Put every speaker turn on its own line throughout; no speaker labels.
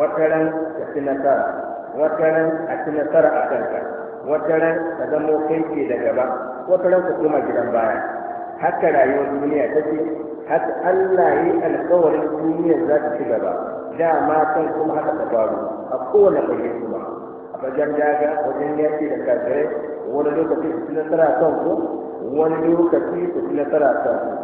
wataran ka ci nasara wataran a ci nasara a kanka wataran ka zama kai ke da gaba wataran ku kuma gidan baya haka rayuwar duniya ta ce haka Allah ya yi alkawarin duniya za ta ci gaba da kan kuma haka ta faru a kowane bayyana kuma a bajar daga wajen yaki da kasirai wani lokaci su ci nasara a kan ku wani lokaci su ci nasara a kan ku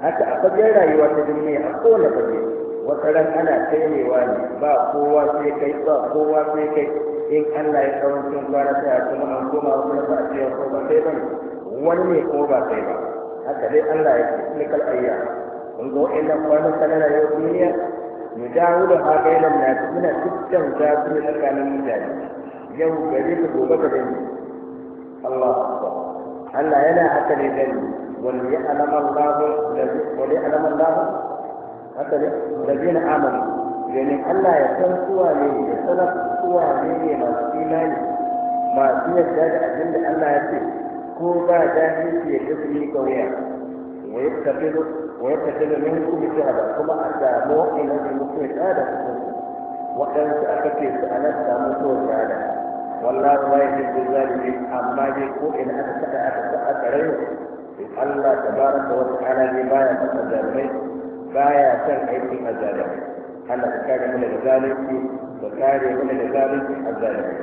haka a fagen rayuwa ta duniya a kowane fage wata ran ana taimewa ne ba kowa sai kai ba kowa sai kai in Allah ya cin kwana sai a kuma an koma wani ba a cewa ko ba sai ba wani ne ko ba sai ba haka dai Allah ya ce nikal ayya kun ga nan kwanan sanar na yau duniya mu dawo da haka yana muna cikin da zafi tsakanin mutane yau gare ka gobe ka gani Allah Allah yana haka ne dan wani wani ya alamar lahu haka da bin amali domin Allah ya san suwa ne ya sanar suwa ne ne masu imani masu yadda da abin da Allah ya ko ba jahilci ya kasu ni kauya wa kuma a samu wa'annan da ya tsada ce والله لا يحب الظالمين أما يقول إن أتى أتى أتى الله تبارك وتعالى بما يفعل الظالمين فهي تنعي في الظالمين أنا كان من الظالمين وكان من الظالمين الظالمين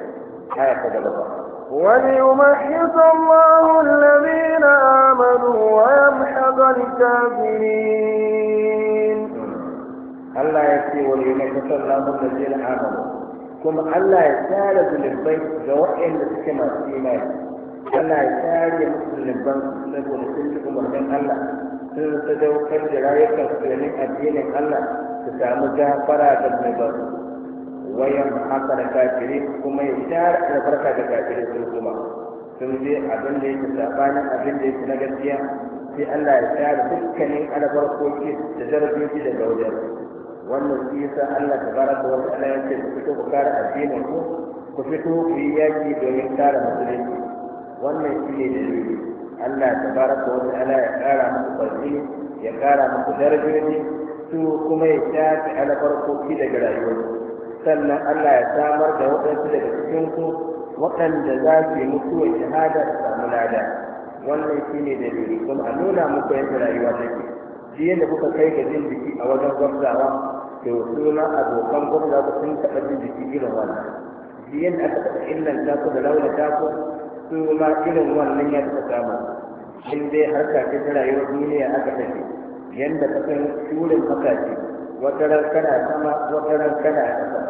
هاي قدر الله
وليمحص الله الذين آمنوا ويمحق الكافرين
الله يكفي وليمحص الله الذين آمنوا kuma Allah ya tsara zunubai ga waɗanda suke masu imani Allah ya tsare musu zunuban saboda sun ci umarnin Allah sun sadaukar da rayukan su domin addinin Allah su samu gafara da zunuban wayan haka da kafiri kuma ya tsara albarka da kafiri sun kuma sun je abin da yake sabanin abin da yake na gaskiya sai Allah ya tsara dukkanin albarkoki da darajoji daga wajen wannan shi yasa Allah tabaraka wa ta'ala ya ce ku fito ku kare addinin ku ku fito ku yi yaki domin kare musulunci wannan shi ne dalili Allah tabaraka wa ta'ala ya kara muku barci ya kara muku darajoji su kuma ya shafi albarkoki daga rayuwar sannan Allah ya samar da waɗansu daga cikin ku waɗanda za su yi mutuwar shahada su samu lada wannan shi ne dalili kuma a nuna muku yadda rayuwa take shi yadda kuka kai ga jin jiki a wajen gwamzawa to suna abokan gwamzawa sun taɓa jin jiki irin wannan shi yadda aka taɓa illan taku da raunin taku su ma irin wannan ya taɓa samu in dai har ce ta rayuwar duniya aka tafi yadda ka san shurin makaci wata ran kana sama wata ran kana sama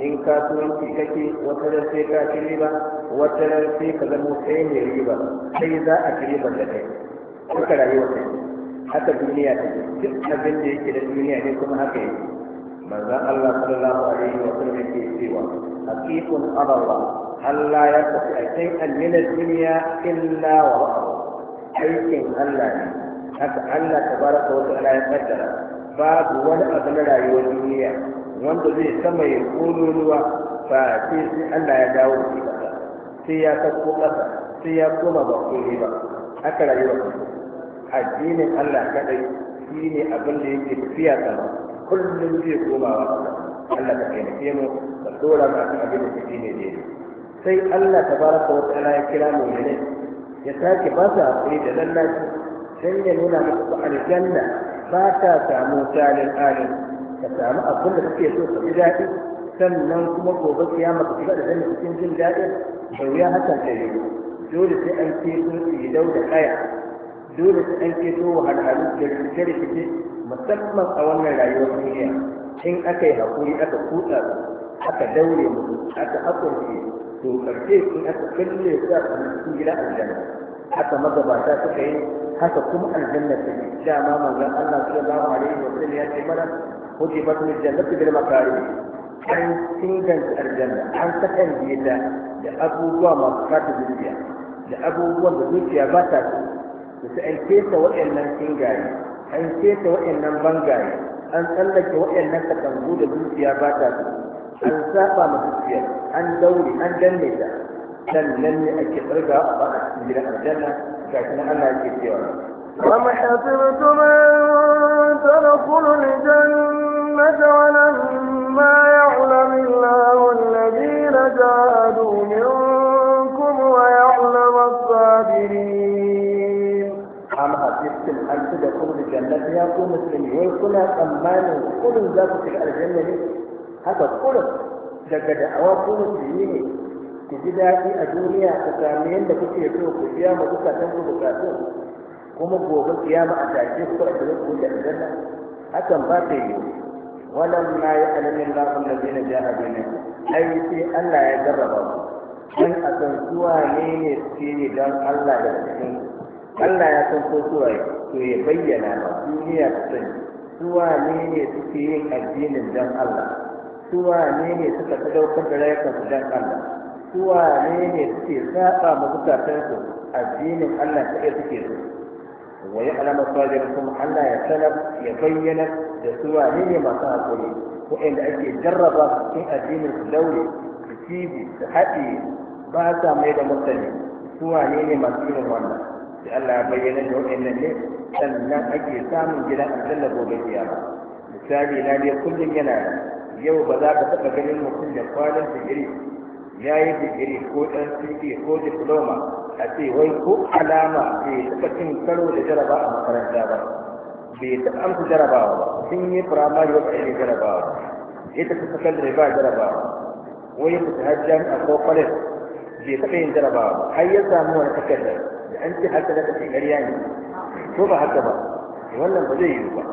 in kasuwanci kake wata ran sai ka ci riba wata ran sai ka zama sai mai riba sai za a ci riba da kai kuka rayuwar kai haka duniya ta duk abin da yake da duniya ne kuma haka yake manzon Allah sallallahu alaihi wa sallam yake cewa haqiqun ala Allah Allah ya tafi a kai almina duniya illa wa ra'a aikin Allah ne haka Allah tabaraka wa ta'ala ya kaddara babu wani abu na rayuwar duniya wanda zai sama ya kodo ruwa fa sai Allah ya dawo da shi sai ya sako ƙasa sai ya koma ba kore ba haka rayuwar addinin Allah kadai shi ne abin da yake tafiya sama kullum zai komawa Allah ka taimake mu ka dora mu akan abin da kake ne dai sai Allah tabaraka wa wata ya kira mu ne ya sake ba su hakuri da lallaci sai ya nuna musu aljanna ba ta samu talin alin ka samu abin da kake so ka ji daɗi sannan kuma gobe kiyama ka shiga da zanne cikin jin daɗi? Sauya wuya hakan ta yi dole sai an keto dau da kaya dole su an keto wahalhalu da rikice-rikice musamman a wannan rayuwar duniya in aka yi haƙuri aka kutsa aka daure musu aka haƙurce to ƙarshe in aka kalle su a cikin gida aljanna haka magabata suka yi haka kuma aljanna ta yi dama manzon Allah ya sallallahu alaihi wa sallam ya ce mana hujibat min jannati bil makarim an inganta aljanna an sakan ta da abubuwa masu kata zuciya da abubuwan da zuciya ba ta so da su an keta waɗannan shingaye an keta waɗannan bangaye an tsallake waɗannan katangu da dukiya ba ta su an saba ma dukiya an daure an danne ta sannan ne ake tsarga ba a cikin gidan aljanna
ga shi na Allah yake cewa وما حسبتم أن تدخلوا الجنة ولما يعلم الله الذين جاهدوا منكم ويعلم الصابرين
am hasibtum an ci da tudkhulu jannata ya ku muslimi wai kuna tsammanin kullun za ku shiga aljanna ne haka kullun daga da'awa ku musulmi ne ku ji daɗi a duniya ku sami yadda kuke so ku biya ma bukatan ku bukatu kuma gobe kiyama a tashe ku a cikin ku da aljanna hakan ba ta yi wannan na yi alamin lafin da zai na jihar ne ai sai Allah ya jarraba ku in a san zuwa ne ne suke don Allah da cikin Allah ya san ko suwa to ya bayyana ma duniya ta sani suwa ne ne suke yin addinin dan Allah suwa ne ne suka sadaukar da rayukansu dan Allah suwa ne ne suke saba ma zukatansu addinin Allah ta suke so wa ya alama sabirin kuma Allah ya sanar ya bayyana da suwa ne ne masu haƙuri Ko waɗanda ake jarraba cikin addinin su daure su cibi su haɗe ba sa mai da mutane suwa ne ne masu irin wannan da Allah ya bayyana da waɗannan ne sannan ake samun gidan aljanna gobe kiyama misali na dai kullum yana yau ba za ka taɓa ganin mutum da kwanan digiri ya yi digiri ko ɗan ciki ko diploma a ce wai ko alama bai taɓa cin karo da jaraba a makaranta ba bai taɓa amsa jarabawa ba sun yi firamare wata ne jarabawa ya tafi sakandare ba jarabawa wai ya fita hajjan a ko kwalet bai taɓa yin jarabawa ba har ya samu wani takardar انت حتى لا تتكلم شو راح تبى ولا بدي يبقى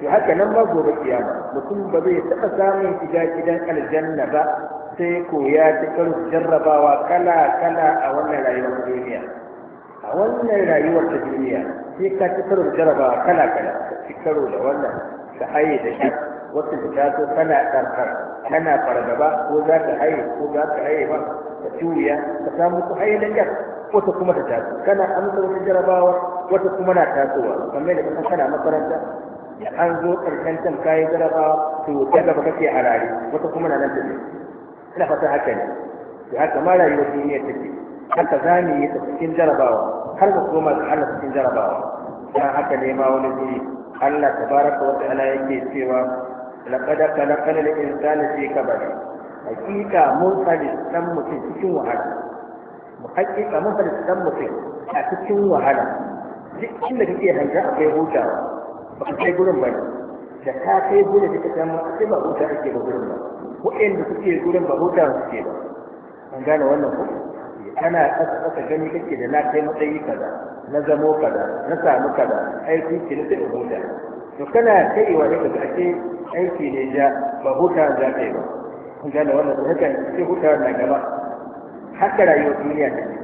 شو حتى نمر بو بكيانا بكون بدي تقسامي إذا الى الجنة با تيكو يا تكل جربا وكلا كلا اولا لا يوم الدنيا اولا لا يوم الدنيا تيكا تكل جربا كلا كلا تكلو لولا تحيي تشي وقت الفتاة كلا ترخر كنا فرد با وذاك حي وذاك حي با تشويا تقامو تحيي لجرب wata kuma ta taso kana amsa wata jarabawa wata kuma na tasowa kamar da kasan kana makaranta da an zo karshen can kayi jarabawa to ta gaba kake a rari wata kuma na nan ta ina fata haka ne to haka ma rayuwar duniyar take haka zamu yi ta cikin jarabawa har ka koma ga Allah cikin jarabawa dan haka ne ma wani guri Allah tabaraka wa ta'ala yake cewa laqad khalaqal insana fi kabad hakika mun sani dan mutum cikin wahala mu haƙiƙa mun halitta dan mutum a cikin wahala duk inda kake hanga akwai hutawa ba kai gurin ba da ka kai gurin da kake amma sai ba huta ake ba gurin ba waɗanda suke gurin ba huta suke ba an gane wannan ko kana ƙasa ƙasa gani kake da na kai matsayi kaza na zamo kaza na samu kaza aiki ke na sai huta to kana kaiwa ne kaga ake aiki ne ja ba huta za ka yi ba kun gane wannan ko haka sai huta na gaba haka rayuwar duniya ta ce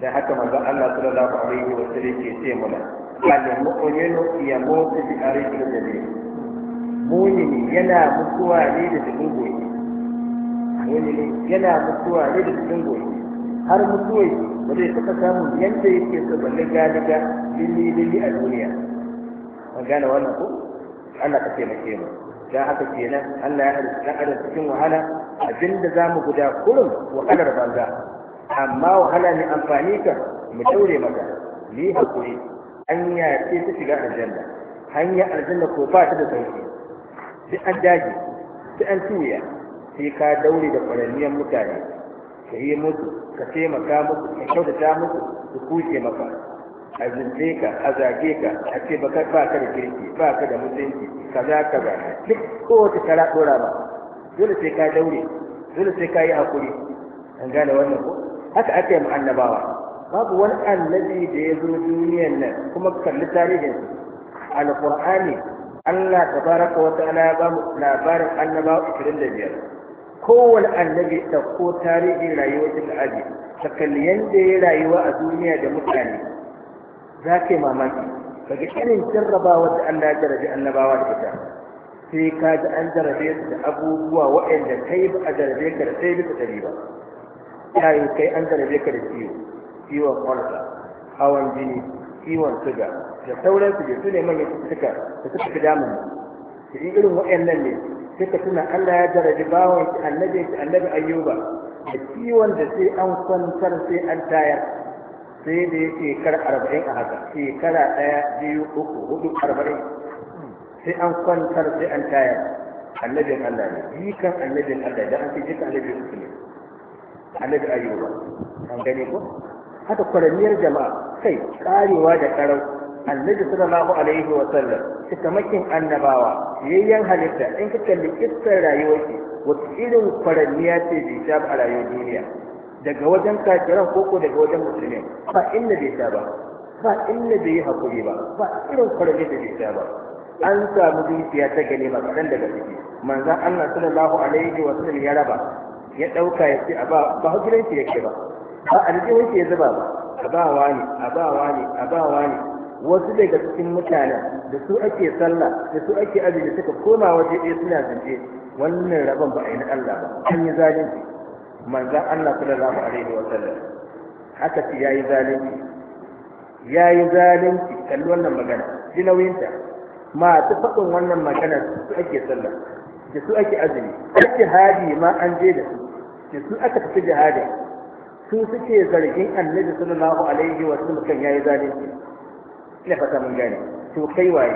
da haka manzon Allah sallallahu alaihi wa sallam ke ce mana al mu'minu yamutu bi arifin dalil mu'mini yana mutuwa ne da cikin goyi mu'mini yana mutuwa ne da cikin goyi har mutuwai ba zai saka samu yadda yake so ba liga liga lili lili a duniya an gane wannan ko Allah ka taimake mu da haka kenan Allah ya halitta dan adam cikin wahala abinda mu guda kurum wahalar banza amma wahala ne amfani ka mu daure maka ni hakuri hanya ce ta shiga aljanna hanya aljanna ko ba ta da sauki sai an daji sai an tuya sai ka daure da kwaranniyar mutane ka yi musu ka taimaka muku ka kyautata musu su kuce maka a zunce ka a zage ka a ce ba ka da kirki ba ka da mutunci kaza ba duk kowace kara dora ba dole sai ka daure dole sai ka yi hakuri an gane wannan ko haka aka yi annabawa babu wani annabi da ya zo duniyar nan kuma kalli tarihin alqur'ani Allah tabaraka wa ta'ala ana ba mu labarin annabawa 25 kowane annabi ko tarihin rayuwar da aji ta kalli yadda ya rayuwa a duniya da mutane za ka yi mamaki daga irin jarrabawa da Allah ya jarabi annabawa da ita sai ka ji an jarabe su da abubuwa waɗanda kai ba a jarabe ka da sai bisa ɗari ba yayin kai an jarabe ka da ciwo ciwon kwarsa hawan jini ciwon suga da sauransu da su ne manyan cututtuka da suka fi damun da irin waɗannan ne ka tuna Allah ya jarabi bawon annabi annabi ayyuba da ciwon da sai an kwantar sai an tayar sai ne ya shekara arba'in a haka shekara ɗaya biyu uku hudu arba'in sai an kwantar sai an tayar annabin Allah ne jikan annabin Allah da an ce jikan annabin musulmi ne annabi Ayyuba an gani ko haka kwaranniyar jama'a kai karewa da karau annabi sallallahu alaihi wa sallam cikamakin annabawa yayyan halitta in ka kalli rayuwar ki wata irin kwaranniya ce bai sha a rayuwar duniya daga wajen kafiran koko daga wajen musulmi ba inda bai ta ba ba inda bai yi hakuri ba ba irin kwarami da bai ta ba an samu dukiya ta gani ba kaɗan daga ciki manza Allah sallallahu alaihi wa sallam ya raba ya ɗauka ya ce a ba ba hakilanci yake ba ba alƙiwanci ya zuba ba a ba wani a ba wani a ba wani wasu daga cikin mutanen da su ake sallah da su ake azumi suka koma waje ɗaya suna zance wannan rabon ba a yi na Allah ba an yi zalunci manzan Allah sallallahu alaihi wa sallam haka ce yayi zalunci yayi zalunci kalli wannan magana ji nauyinta masu faɗin wannan magana su ake sallah da su ake azumi ake jihadi ma an je da su da su aka tafi jihadi su suke zargin annabi sallallahu alaihi wa sallam kan yayi zalunci ina fata mun gane to kai waye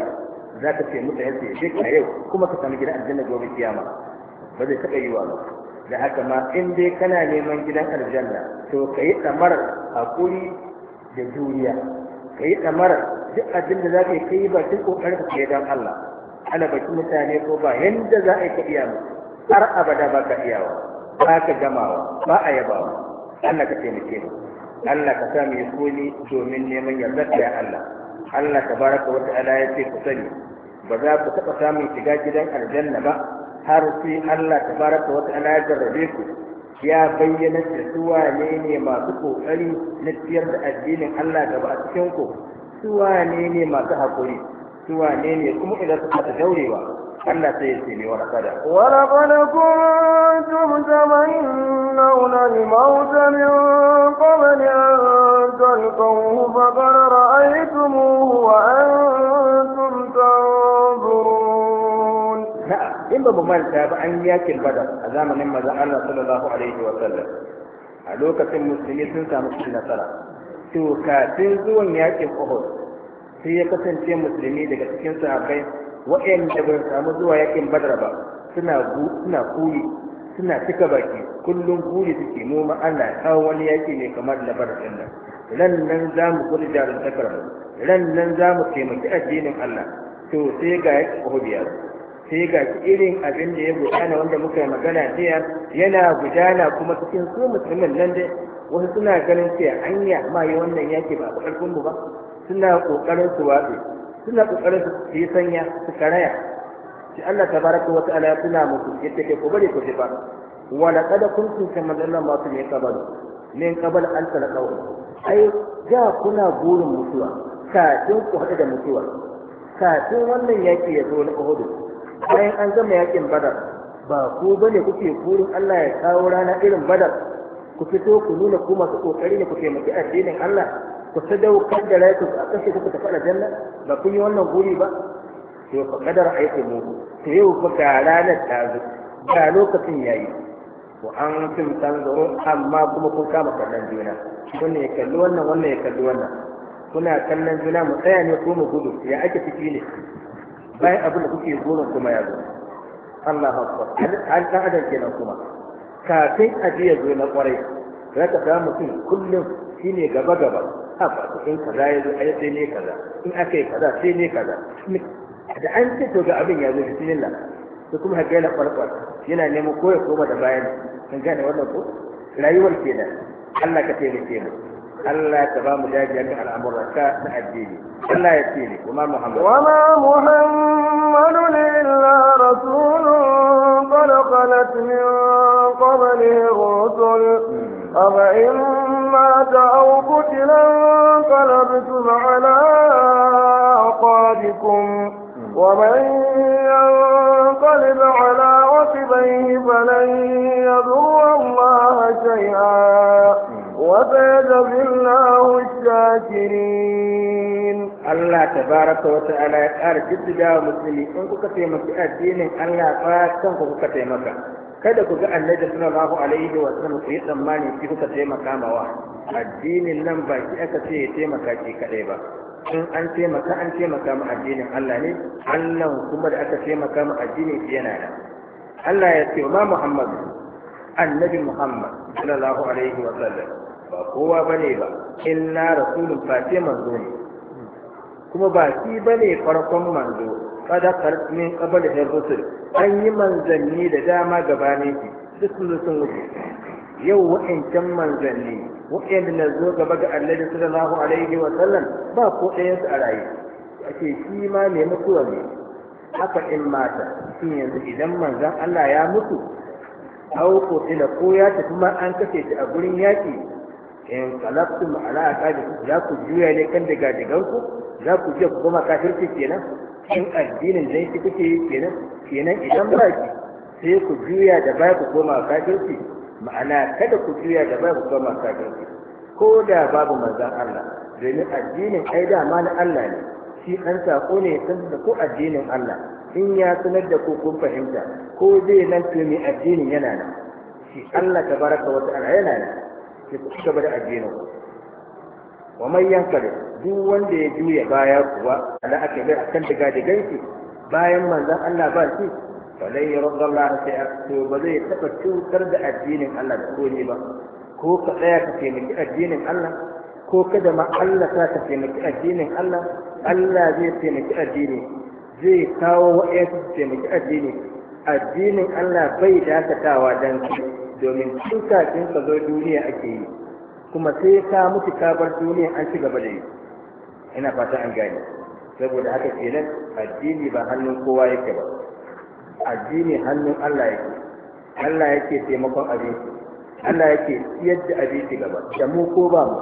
za ka ce mutane su yi yau kuma ka sami gidan aljanna gobe kiyama ba zai taɓa yi wa ba da haka ma in dai kana neman gidan aljanna to ka yi ɗamar hakuri da juriya ka yi ɗamar duk abin da za ka yi kai ba duk kokarin ka kai don Allah ana baki mutane ko ba yanda za a yi ka iya har abada ba ka iyawa ba ka gamawa ba a yabawa Allah ka taimake mu Allah ka sa mu yi koli domin neman yardar ya Allah Allah tabaraka wa ta'ala ya ce ku sani ba za ku taɓa samun shiga gidan aljanna ba har sai Allah tabaraka wa ta'ala ya jarrabe ku ya bayyana da su wane ne masu kokari na ciyar da addinin Allah gaba a cikin ku su wane ne masu hakuri su wane ne kuma idan su ta daurewa Allah sai ya ce ne wala kada wala
qad kuntum tamannawna al-maut min qabli an talqahu fa qad ra'aytumuhu wa
in ba mu manta ba an yi yakin badar a zamanin manzon Allah sallallahu alaihi wa sallam a lokacin musulmi sun samu cikin nasara to kafin zuwan yakin Uhud sai ya kasance musulmi daga cikin sahabbai waɗanda ba samu zuwa yakin badar ba suna suna kuri suna cika baki kullum kuri suke noma Allah kawo wani yaki ne kamar na badar din nan ran nan za mu kuri jarin takar ran nan za mu taimaki addinin Allah to sai ga yakin Uhud ya zo sai ga irin abin da ya gudana wanda muka magana jiya yana gudana kuma cikin su musulmin nan dai wasu suna ganin cewa anya ma yi wannan yaki ba a ƙarfin mu ba suna ƙoƙarin su watsi suna ƙoƙarin su yi sanya su karaya shi Allah tabaraka wa ta'ala suna musu yadda ke ko bari ku ji ba ولقد كنتم كما ذل ما من قبل من قبل أن تلقوا Ai ga kuna gurin mutuwa. kafin ku hada da mutuwa kafin wannan yaƙi ya zo na hudu. bayan an gama yakin badar ba ku bane kuke burin Allah ya kawo rana irin badar ku fito ku nuna ku masu kokari ne ku taimaki addinin Allah ku sadaukar da rayuka a kashe ku tafi aljanna ba kun yi wannan guri ba to fa kadar aiki mu to yau fa ga ranar ta zo ga lokacin yayi ko an tum tanzurun amma kuma kun kama kallon juna wannan ya kalli wannan wannan ya kalli wannan kuna kallon juna mu tsaya ne ko mu gudu ya ake fiki ne bayan abin da kuke gurin kuma ya zo Allah akbar an dan adam kenan kuma kafin aji ya zo na kwarai za ka ga mutum kullum shine gaba gaba haba in kaza ya zo ai sai ne kaza in aka yi kaza sai ne kaza da an ce to ga abin ya zo bismillah to kuma haka yana kwarkwar yana neman koyarwa koma da bayan kan gane wannan ko rayuwar kenan Allah ka taimake mu ألا تمام جميع الأمور لك الديني إلا يتيني وما محمد
وما محمد إلا رسول قد خلت من قبله الرسل أفإن مات أو قتل انقلبتم على أعقابكم ومن ينقلب على عقبيه فلن يضر الله شيئا وسيجزي الله الشاكرين الله تبارك وتعالى يقال جددا مسلمي إن كنت تيمك
الدين الله فاتن كنت تيمك kada ku ga annabi sallallahu alaihi wa sallam ku yi tsammani ki kuka taimaka mawa addinin nan ba ki aka ce ya taimaka shi kadai ba in an taimaka an taimaka mu addinin Allah ne Allah kuma da aka taimaka mu addinin shi yana da Allah ya ce ma Muhammad annabi Muhammad sallallahu alaihi wa sallam ba kowa bane ba illa rasulun fati manzo ne kuma ba shi ba ne farkon manzo kada karmin kabal da rusul an yi manzanni da dama gabane shi duk sun sun wuce yau wa'ancan manzanni wa'anda na zo gaba ga annabi sallallahu alaihi wa sallam ba ko ɗayan su a raye ake shi ma ne mutuwa ne haka in mata shin yanzu idan manzan Allah ya mutu aw ko ila ko ya tafi ma an kashe shi a gurin yaki in qalabtum ala aqabikum za ku juya ne kan daga ku za ku je ku goma kafirci kenan in addinin zai shi kuke kenan kenan idan ba ki sai ku juya da baya ku goma kafirci ma'ana kada ku juya da baya ku goma kafirci ko da babu manzon Allah domin addinin ai da ma na Allah ne shi an sako ne san da ku addinin Allah in ya sanar da ku kun fahimta ko zai nan to mai addinin yana nan shi Allah tabaraka wa ta'ala yana nan sai ku ci gaba da addinin wa yanka da duk wanda ya juya baya kuwa ala aka bai akan daga da bayan manzan Allah ba shi falai yarda Allah sai to ba zai taba cutar da addinin Allah da komai ba ko ka tsaya ka taimaki addinin Allah ko kada ma Allah ta ka taimaki addinin Allah Allah zai taimaki addini zai kawo wa'ayansu taimaki addini addinin Allah bai dakatawa don kai domin cikin kafin ka zo duniya ake yi kuma sai ka mutu ka bar duniya an ci gaba da yi ina fata an gane saboda haka kenan addini ba hannun kowa yake ba addini hannun Allah yake Allah yake taimakon abinci Allah yake siyar da abinci gaba da mu ko ba mu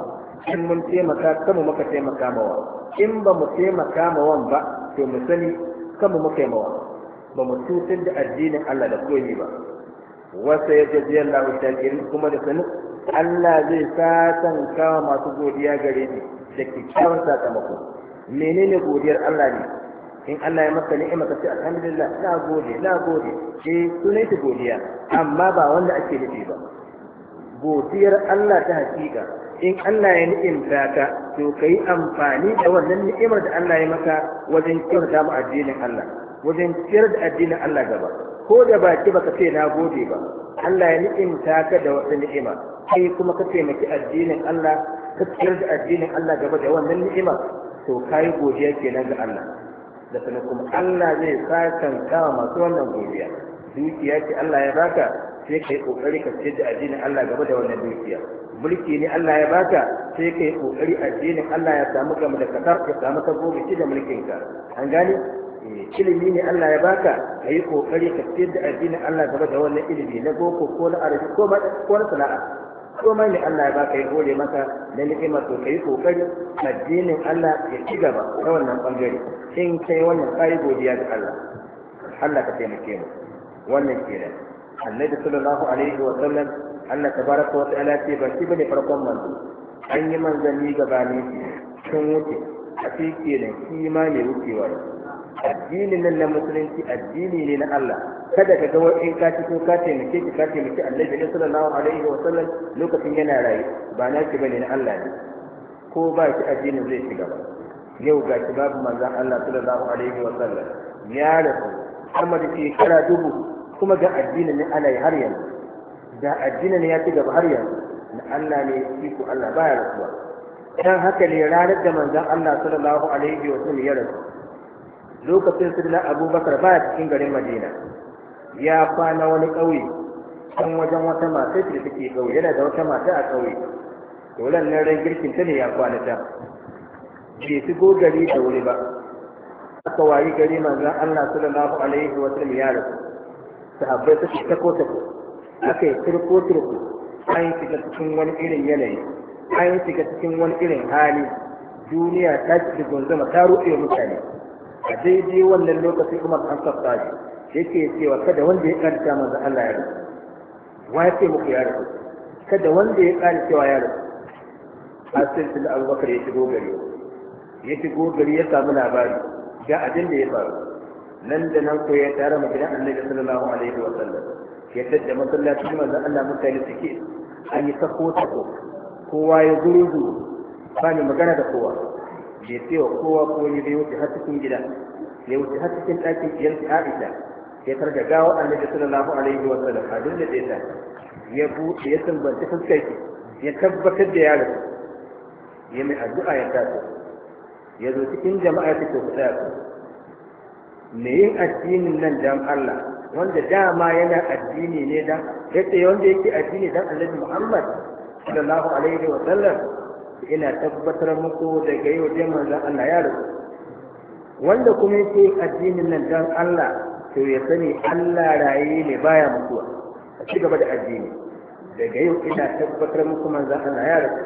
in mun taimaka kama muka taimaka mawa in ba mu taimaka mawan ba to mu sani kama muka yi mawa ba mu tutar da addinin Allah da koyi ba wasa ya jaji Allah shakirin kuma da sanu Allah zai satan kawo masu godiya gare ni da kyakkyawan sakamako menene godiyar Allah ne in Allah ya maka ni'ima ka ce alhamdulillah na gode na gode eh sunan ta godiya amma ba wanda ake nufi ba godiyar Allah ta hakika in Allah ya ni'imta ka to kai amfani da wannan ni'imar da Allah ya maka wajen kyauta mu addinin Allah wajen ciyar da addinin Allah gaba ko da baki baka ce na gode ba Allah ya ni'imta ka da wata ni'ima kai kuma ka taimaki addinin Allah ka tsayar da addinin Allah gaba da wannan ni'ima to kai godiya kenan ga Allah da sanin kuma Allah zai sakan kama masu wannan godiya dukiya ce Allah ya baka sai kai kokari ka tsayar da addinin Allah gaba da wannan dukiya mulki ne Allah ya baka sai kai kokari addinin Allah ya samu gama da kasar ya samu sabo da mulkin ka an gani? ilimi ne Allah ya baka ka yi kokari ka fitar da addinin Allah gaba da wannan ilimi na boko ko na arabi ko ko na sana'a komai ne Allah ya baka ya gode maka na ni'imar to kai kokari addinin Allah ya ci gaba ta wannan bangare in kai wannan kai godiya ga Allah Allah ka taimake mu wannan kenan annabi sallallahu alaihi wa sallam Allah tabaraka wa ta'ala ce ba shi bane farkon manzo an yi manzanni gabani sun wuce a cikin kenan kima ne wucewa addinin nan na musulunci addini ne na Allah kada ka ga wani ka ci ko ka taimake ki ka taimake Allah bin sallallahu alaihi wa sallam lokacin yana rayu ba na ki bane na Allah ne ko ba ki addinin zai shiga ba yau ga ki babu manzon Allah sallallahu alaihi wa sallam ya rasu Muhammad ke kara dubu kuma ga addinin ne ana har yanzu da addinin ya ci gaba har yanzu na Allah ne shi ko Allah baya rasuwa dan haka ne ranar da manzon Allah sallallahu alaihi wa sallam ya rasu lokacin su na abubakar ba a cikin garin madina ya kwana wani ƙauye kan wajen wata mata da suke ƙauye yana da wata mata a ƙauye to na ran girkin ta ne ya kwana ta bai shigo gari da wuri ba aka wayi gari manzon Allah sallallahu alaihi wa sallam ya rasu sahabbai suke tako tako aka yi turko turko an shiga cikin wani irin yanayi an shiga cikin wani irin hali duniya ta ci gunzuma ta rufe mutane a daidai wannan lokaci Umar an sabta shi yake cewa kada wanda ya karanta manzo Allah ya rasu wa yake ce muku ya rasu kada wanda ya karanta cewa ya rasu asirin da Abubakar ya shigo gari ya shigo gari ya samu labari ga abin da ya faru nan da nan ko ya tare mu gidan Annabi sallallahu alaihi wa sallam ya tadda masallaci manzo Allah mutane suke an yi sako sako kowa ya gurgu ba ni magana da kowa bai fiye kowa koyi bai wuce har cikin gida ya wuce har cikin ɗakin ɗiyarsa Aisha ya targa gawa annabi sallallahu alaihi wa sallam a duk da ɗaya ya buɗe ya sambanta fuskar ya tabbatar da yaro ya mai addu'a ya taso ya zo cikin jama'a ta ke kuɗa su me yin addinin nan dan Allah wanda dama yana addini ne dan yace wanda yake addini dan Annabi Muhammad sallallahu alaihi wa sallam ina tabbatar muku daga yau da manzo Allah ya rubu wanda kuma yake addinin nan dan Allah to ya sani Allah raye ne baya mutuwa a ci gaba da addini daga yau ina tabbatar muku manzo Allah ya rubu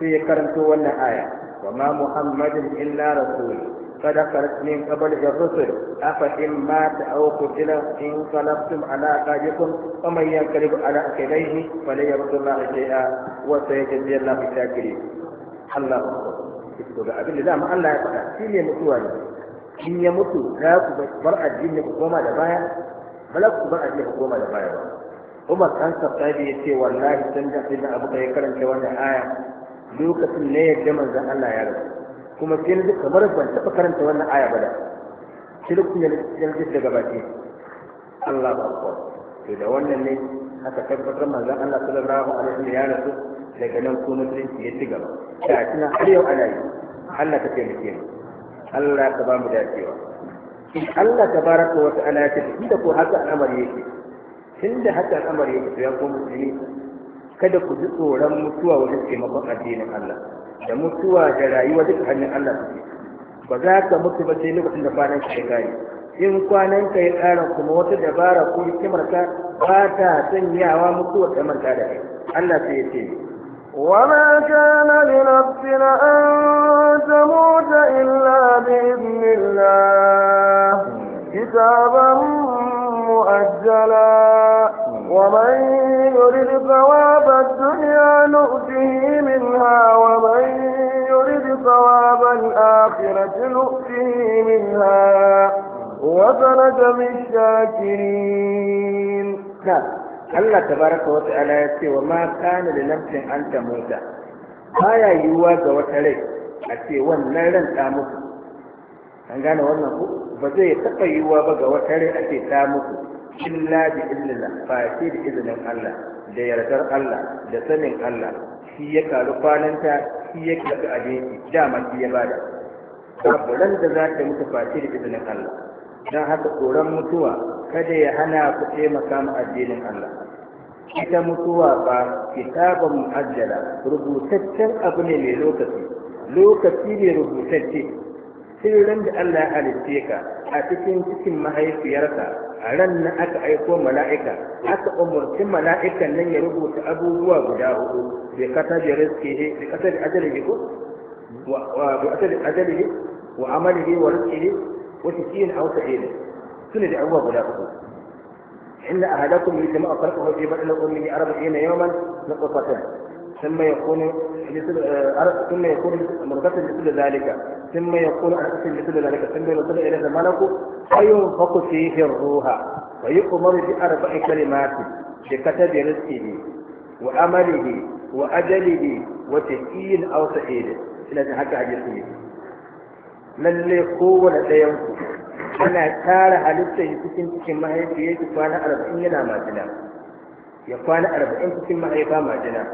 sai ya karanto wannan aya wa ma muhammadin illa rasul قد خلت من قبل الرسل أفإن مات أو قتل انقلبتم على أعقابكم ومن ينقلب على عقبيه فلن يرد الله شيئا وسيجزي الله الشاكرين الله أكبر ga abin da dama Allah ya faɗa shi ne mutuwa in ya mutu za ku bar addini ku ku bar da baya Umar kan sattabi ya ce wallahi san da abu da ya karanta wannan aya lokacin ne ya ga manzon Allah ya rasu kuma sai na ji kamar ban taɓa karanta wannan aya ba da shi lokacin da na ji daga baki Allah ba kuwa to da wannan ne aka tabbatar manzon Allah sallallahu alaihi wasallam ya rasu daga nan ko na musulunci ya ci gaba ta tuna har yau ana yi Allah ta taimake mu Allah ta ba mu dacewa in Allah tabaraka wa ta'ala ya ce inda ko haka al'amari yake tunda haka al'amari yake to ya ko musulmi kada ku ji tsoron mutuwa wajen taimakon addinin Allah da mutuwa da rayuwa duka hannun Allah ba za ka mutu ba sai lokacin da kwanan ka ya kare in kwanan ka ya kare kuma wata dabara ko hikimar ka ba ta sanyawa mutuwa ta manta da kai Allah sai ya ce
وما كان لنفس أن تموت إلا بإذن الله hmm. كتابا مؤجلا ومن يرد ثواب الدنيا نؤته منها ومن يرد ثواب الآخرة نؤته منها وسنجزي الشاكرين Allah
tabaraka wa ta'ala ya ce wa ma kana da nafsin an ta mota ya yiwuwa ga wata rai a ce wannan ran ta mutu an gane wannan ku ba zai taɓa yiwuwa ba ga wata rai ake ta muku illa bi illallah ba ce da izinin Allah da yardar Allah da sanin Allah shi ya karu kwananta shi ya karu abinci dama shi ya bada babu ran da za ta mutu ce da izinin Allah don haka tsoron mutuwa kada ya hana ku taimaka mu addinin Allah ita mutuwa ba kitabun mu'ajjala rubutaccen abu ne mai lokaci lokaci ne rubutacce sirran da Allah ya halitte ka a cikin cikin mahaifiyarka a ran na aka aiko mala'ika aka umurci mala'ikan nan ya rubuta abubuwa guda hudu bi katabi rizqihi bi katabi ajalihi wa bi katabi ajalihi wa amalihi wa rizqihi wa tikin aw sa'ila sune da abubuwa guda hudu inna ahadakum yajma'u khalqahu fi batni ummihi 40 yawman nutfatan ثم يكون آه، ثم يكون مرتب مثل ذلك ثم يكون مرتب مثل ذلك ثم يصل الى الملك فينفق فيه الروح ويؤمر باربع كلمات بكتب رزقه وعمله واجله وتكيين او سعيد الى ان حكى عجزه لن يقوى لديه انا تارى حديثه يسكن في مهيئه يسكن على الاربعين لا ما يقال أربعين في المعرفة ما جنى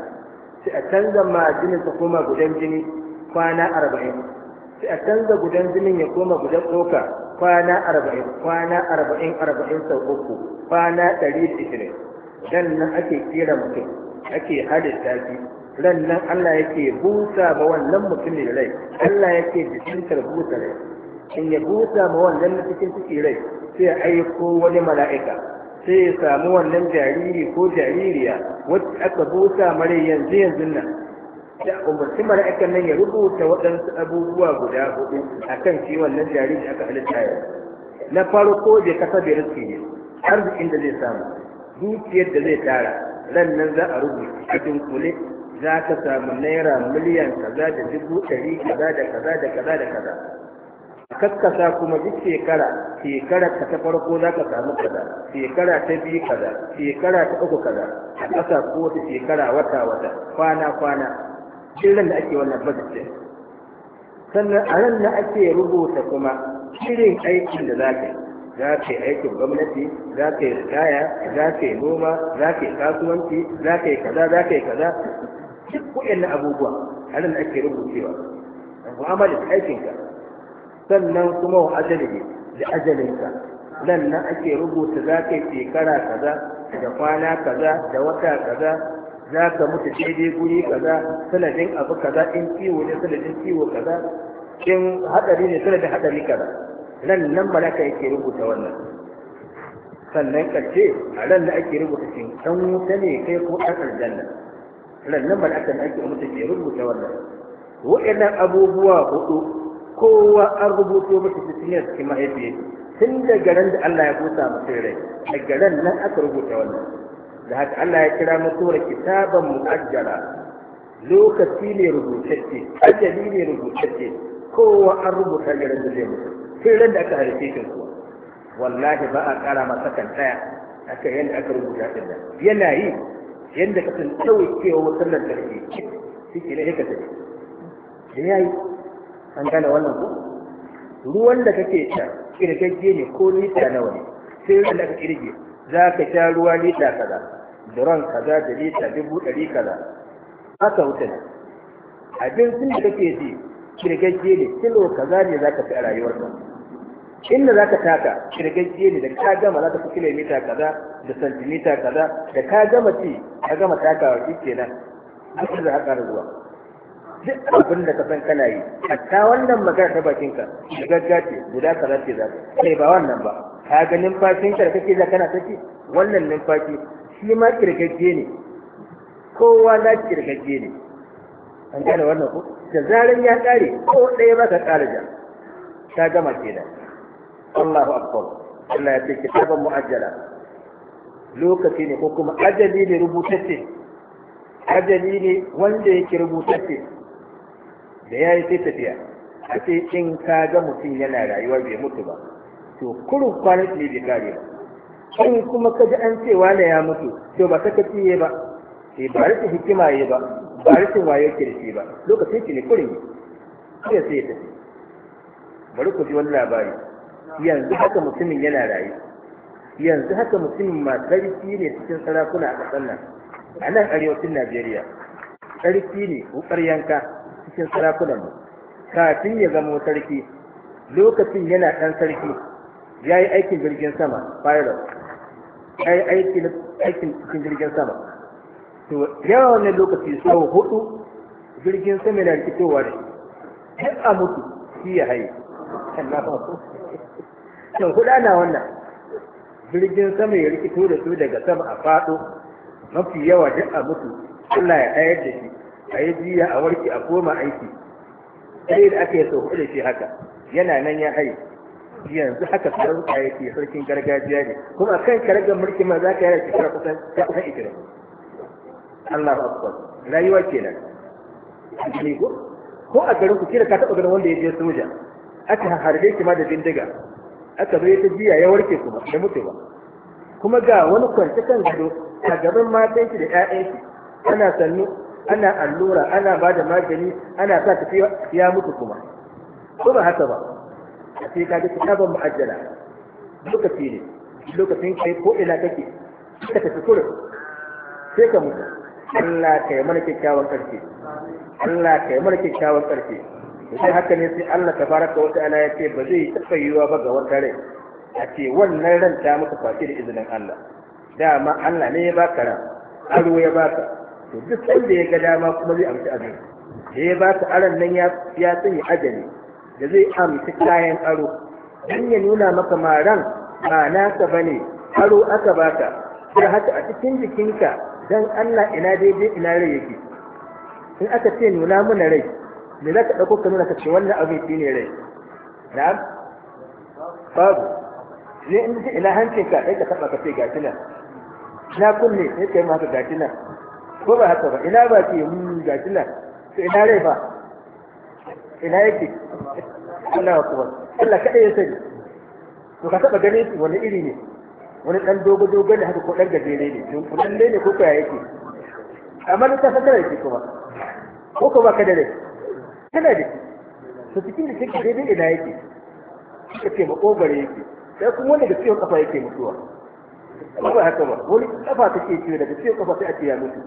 sai a canza jinin ta koma gudan jini kwana arba'in sai a canza gudan jinin ya koma gudan tsoka kwana arba'in kwana arba'in arba'in sau uku kwana ɗari da ishirin ran nan ake kera mutum ake hada tafi ran nan Allah yake busa ma wannan mutumin rai Allah yake jikintar busa rai in ya busa ma wannan cikin rai sai aiko wani mala'ika sai ya samu wannan jariri ko jaririya wacce aka busa mare yanzu yanzu nan da umarci mala'ikan nan ya rubuta waɗansu abubuwa guda hudu akan shi wannan jariri aka halitta ya. na farko da kasa da riski ne arzikin da zai samu dukiyar da zai tara ran nan za a rubuta cikin kule za ka samu naira miliyan kaza da dubu ɗari kaza da kaza da kaza da kaza kakkasa kuma duk shekara shekara ka ta farko za ka samu kaza shekara ta biyu kaza shekara ta uku kaza a ƙasa ko wata shekara wata wata kwana kwana shirin da ake wannan budget sannan a nan na ake rubuta kuma shirin aikin da za ka yi za ka yi aikin gwamnati za ka yi ritaya za ka yi noma za ka yi kasuwanci za ka yi kaza za ka yi kaza duk kuɗin abubuwa a nan ake rubutewa mu'amalar aikinka sannan kuma wa ajalihi da ajalinsa nan nan ake rubuta za ka yi shekara kaza da kwana kaza da wata kaza za ka mutu daidai guri kaza sanadin abu kaza in ciwo ne sanadin ciwo kaza in hadari ne sanadin hadari kaza nan nan malaka yake rubuta wannan sannan karshe a ran da ake rubuta shin dan wuta ne kai ko dan aljanna ran nan malaka ne ake rubuta ke rubuta wannan wa'annan abubuwa hudu kowa an rubuto masa fitiyar cikin mahaifiyar tun da garin da Allah ya kusa masu rai a garin nan aka rubuta wannan da haka Allah ya kira mu kitaban mu'ajjara lokaci ne rubutacce ajali ne rubutacce kowa an rubuta garin da zai mutu sai da aka harfe shi kuwa wallahi ba a kara masa kan tsaya aka yanda aka rubuta shi da yana yi yanda ka san cewa wutar lantarki shi ne ka tafi an gane wannan ko ruwan da kake sha kirgagge ne ko lita nawa ne sai ruwan da ka kirge za ka sha ruwa lita kaza duron kaza da lita dubu ɗari kaza haka wuta ne abincin da kake ji kirgagge ne kilo kaza ne za ka fi a ka inda za ka taka kirgagge ne da ka gama za ka fi kilomita kaza da santimita kaza da ka gama ci ka gama takawa shi kenan haka za ka ƙara ruwa duk abin da ka san kana yi hatta wannan magana ta bakinka gaggawa ce guda kaza ce za ka kai ba wannan ba ka ga numfashinka da kake da kana take wannan numfashi shi ma kirgagge ne kowa na kirgagge ne an gane wannan ko da zaran ya kare ko ɗaya ba ka kare ja ta gama kenan Allahu akbar Allah ya ce kitaban mu'ajjala lokaci ne ko kuma ajali ne rubutacce ajali ne wanda yake rubutacce da ya yi sai tafiya a ce in ka ga mutum yana rayuwa bai mutu ba to kurun kwanan ne bai kare ba in kuma ka ji an ce wane ya mutu to ba saka ciye ba sai eh, ba rikin hikima ya ba ba rikin wayo kirki ba lokacin ki ne kurin ya sai ya tafi bari ku ji wani labari yanzu haka mutumin yana rayu yanzu haka mutumin ma sarki ne cikin sarakuna a ƙasar nan a nan arewacin najeriya sarki ne wukar yanka cikin sarakunan mu kafin ya zama sarki lokacin yana ɗan sarki ya yi aikin jirgin sama pilot ya yi aikin cikin jirgin sama to yawa wannan lokaci sau hudu jirgin sama yana rikitowa da shi a mutu shi ya haye sau hudu ana wannan jirgin sama ya rikito da su daga sama a faɗo mafi yawa duk a mutu Allah ya ayar da shi a yi jiya a warki a koma aiki sai da aka yi sau da shi haka yana nan ya hai yanzu haka a yake sarkin gargajiya ne kuma kan karagar mulki ma za ka yi kira kusan ya kusan ikirin Allah akbar rayuwa kenan ne ko ko a garin ku kira ka taɓa ganin wanda ya je soja aka harbe shi ma da bindiga aka zo ya ta jiya ya warke kuma da mutuwa kuma ga wani kwance kan gado a gaban matan shi da 'ya'yan shi ana sannu ana allura ana ba da magani ana sa tafiya ya mutu kuma ko ba haka ba a sai ka ga kitaban mu'ajjala lokaci ne lokacin kai ko ina kake ka tafi kura sai ka mutu Allah ka yi mana kyakkyawan karfi Allah ka yi mana kyakkyawan karfi sai haka ne sai Allah tabaraka wa ta'ala ya ce ba zai taɓa yiwuwa ba ga wata rai a ce wannan ran ta mutu face da izinin Allah dama Allah ne ya baka ran aro ya baka to duk wanda ya ga dama kuma zai amsa abin da ya ba ka aron nan ya tsaye ajali da zai amsa kayan aro don ya nuna maka maran ba naka ba ne aro aka baka da haka a cikin jikinka don Allah ina daidai ina rai yake in aka ce nuna mana rai me za ka ɗauko ka nuna ka ce wannan abin shi ne rai na babu ne in ji ina hancinka ɗai ka taɓa ka ce gashi nan na kunne ne ka yi maka gashi nan ko ba haka ba ina ba ke mun hmm, ga shi nan to ina rai ba ina yake Allah kuwa Allah kaɗai ya sani to ka taɓa ganin shi wani iri ne wani dan dogo dogo ne haka ko dan gajere ne to kullun ne ko kaya yake amma ta fasara yake kuma ko kuma ka da rai kana da to cikin da take daidai ina yake suka ce makogare yake sai kuma wanda da ciwon kafa yake mutuwa ba haka ba wani kafa take ciwo daga ciwon kafa sai a ce ya mutu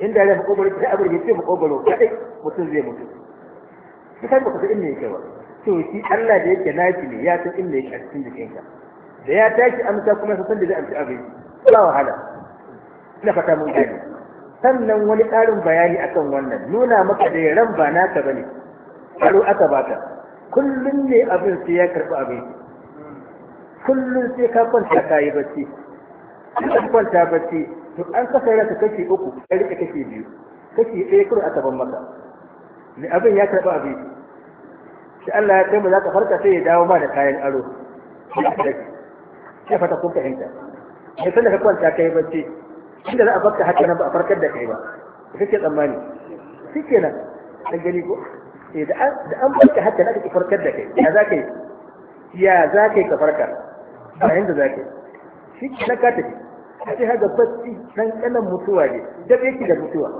inda ya makogoro sai abin ya ce makogoro kadai mutum zai mutu ba baka san inda yake ba to shi Allah da yake naci ne ya san inda yake a cikin jikinka da ya tashi amsa kuma ya san da zai amsa abin ba wahala ina fata mun gani sannan wani ƙarin bayani akan wannan nuna maka da ran ba naka bane Karo aka baka kullum ne abin sai ya karɓi abin kullum sai ka kwanta ka yi bacci ka kwanta bacci to an saka ranka kake uku ka rike kake biyu kake ɗaya kuma a ban maka ne abin ya karɓa abin shi Allah ya kai mu za ka farka sai ya dawo ma da kayan aro shi fata kun fahimta sai sanda ka kwanta kai bacci inda za a farka haka nan ba a farkar da kai ba kake tsammani shi kenan an gani ko eh, da an farka haka na kake farkar da kai ya za ka yi ya za ka yi ka farka ba yanda za ka yi shi kenan ka tafi a ce haka bacci kanan mutuwa ne dab yake da mutuwa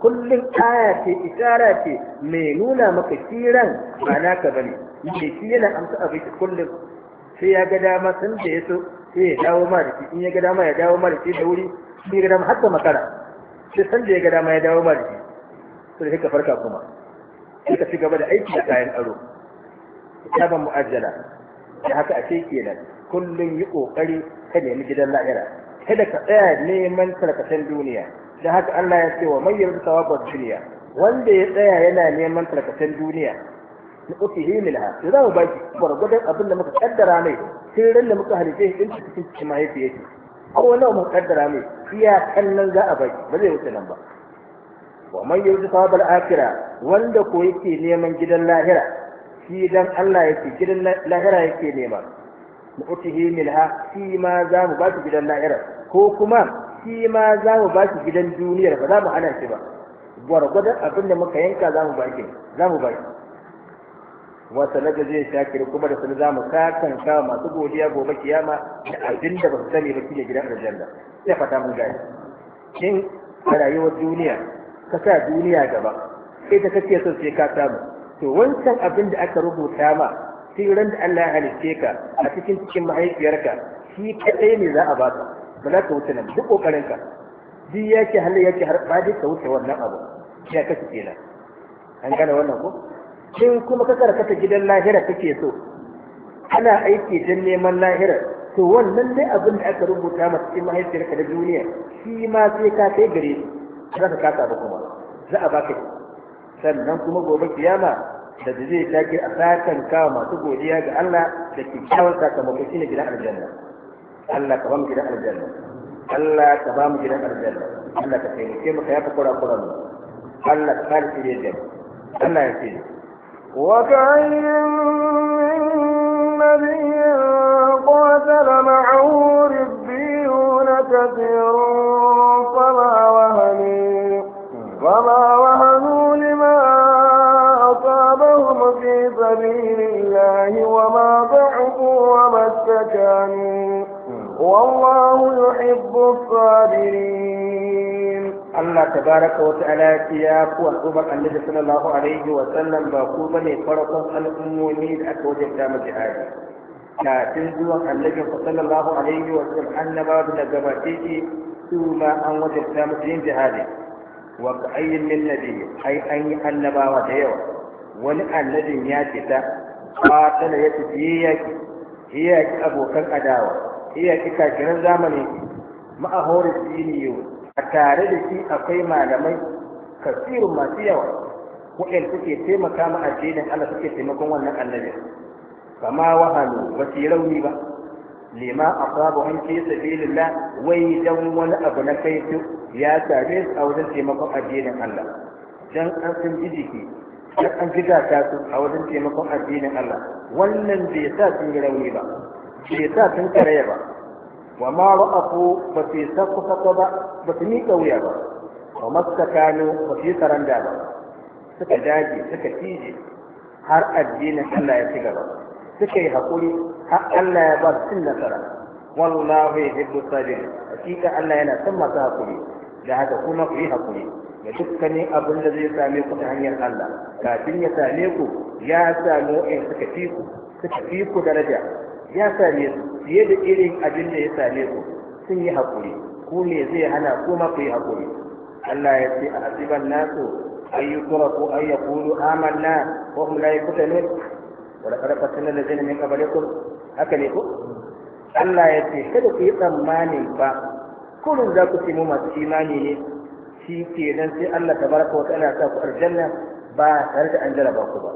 kullum aya ce isara ce mai nuna maka kiran ba naka bane mai shi yana amsa abin kullum sai ya ga dama san da ya so sai ya dawo ma da shi in ya ga dama ya dawo ma da shi da wuri sai ya ga dama har da makara sai san da ya ga dama ya dawo ma da shi sai sai ka farka kuma sai ka ci gaba da aiki da kayan aro kitaban mu'ajjala da haka a ce kenan kullum yi ƙoƙari ka nemi gidan la'ira kada ka tsaya neman tarkacen duniya da haka Allah ya ce wa man yarda sawabar duniya wanda ya tsaya yana neman tarkacen duniya na ufihi minha to za mu ba shi gwargwadon abin da muka kaddara mai sirrin da muka halice shi cikin cikin mahaifiyar shi ko nawa muka kaddara mai iya kallon za a baki ba zai wuce nan ba wa man yarda sawabar akira wanda ko yake neman gidan lahira shi dan Allah yake gidan lahira yake nema Mu utihi milha shi ma za mu ba shi gidan la'irar ko kuma shi ma za mu ba shi gidan duniyar ba za mu hana shi ba gwargwadon abin da muka yanka za mu ba shi za mu ba shi wata laga zai shakir kuma da sani za mu kakanka masu godiya gobe kiyama da abin da ba su sani ba shi gidan aljanna sai fata mun gani kin rayuwar duniya ka sa duniya gaba ita kake son sai ka samu to wancan abin da aka rubuta ma ran da Allah ya halicce ka a cikin cikin mahaifiyarka shi kadai ne za a ba ka ba za ka wuce nan duk kokarinka duk yake halle yake har ba dai ka wuce wannan abu ya kace kenan an gane wannan ko in kuma ka karkata gidan lahira kake so ana aiki don neman lahira to wannan ne abin da aka rubuta ma cikin mahaifiyarka da duniya shi ma sai ka kai gare shi za ka kasa ba kuma za a ba ka sannan kuma gobe kiyama da zai take a sakan kawo masu godiya ga Allah da kyakkyawan sakamako shine gidan aljanna Allah ka ba mu gidan aljanna Allah ka ba mu gidan aljanna Allah ka taimake mu ka yafa kurakuran mu Allah ka kare shirye da mu Allah ya ce
وكأين من نبي قاتل معه ربيون كثير فما وهنوا سبيل الله وما ضعفوا وما استكانوا والله يحب الصابرين
الله تبارك وتعالى يا قوة أمر النبي صلى الله عليه وسلم باقوبة فرقا الأمومين أتوجه دام جهاد kafin zuwan annabin sallallahu alaihi wa sallam annaba da gabace shi su ma an wajabta musu yin jihadi wa ka ayyin min ai an yi annabawa da yawa wani annabin ya fita qatala ya tafi yaki yaki abokan adawa yaki kakirin zamani ma'ahori dini yau a tare da shi akwai malamai kasirun masu yawa waɗanda suke taimaka ma addinin Allah suke taimakon wannan annabi kama wahalu ba su yi rauni ba lima asabu an fi sabilillah wai dan wani abu na kai ya same su a wajen taimakon addinin Allah dan an san jiki duk an gidata su a wajen taimakon addinin Allah wannan bai sa sun yi rauni ba bai sa sun karaya ba wa ma ra'afu ba su yi sakwasakwa ba ba su miƙa wuya ba wa mastakano ba su yi saranda ba suka dage suka cije har addinin Allah ya ci gaba suka yi haƙuri har Allah ya ba su cin nasara wallahu ya hibbu sabir hakika Allah yana son masu haƙuri da haka kuma ku yi haƙuri da dukkanin abin da zai same ku ta hanyar Allah kafin ya same ku ya samu in suka fi ku suka fi ku daraja ya same su fiye da irin abin da ya same ku sun yi haƙuri ku ne zai hana ku ma ku yi haƙuri Allah ya ce a asiban nasu ay yaqulu amanna wa hum la yakutanu ولقد فتنا الذين من قبلكم haka ne ko Allah ya ce kada ku yi tsammani ba kullum za ku timo mu masu imani ne shi kenan sai Allah tabaraka wa ta'ala ta ku aljanna ba tare da an jaraba ku ba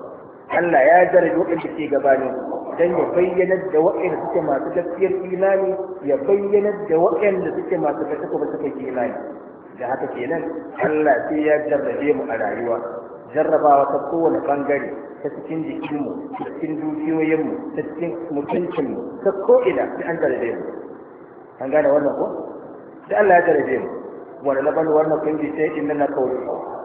Allah ya jarabe waɗanda ke gabanin don ya bayyana da waɗanda suke masu gaskiyar imani ya bayyana da waɗanda suke masu gaskiya ba ke imani da haka kenan Allah sai ya jarrabe mu a rayuwa jarrabawa ta kowane bangare ta cikin jikinmu ta cikin dukiyoyinmu ta cikin mutuncinmu ta ko'ina sai an jarrabe mu an gane wannan ko Sai Allah ya jarrabe mu Wani بشيء من الخوف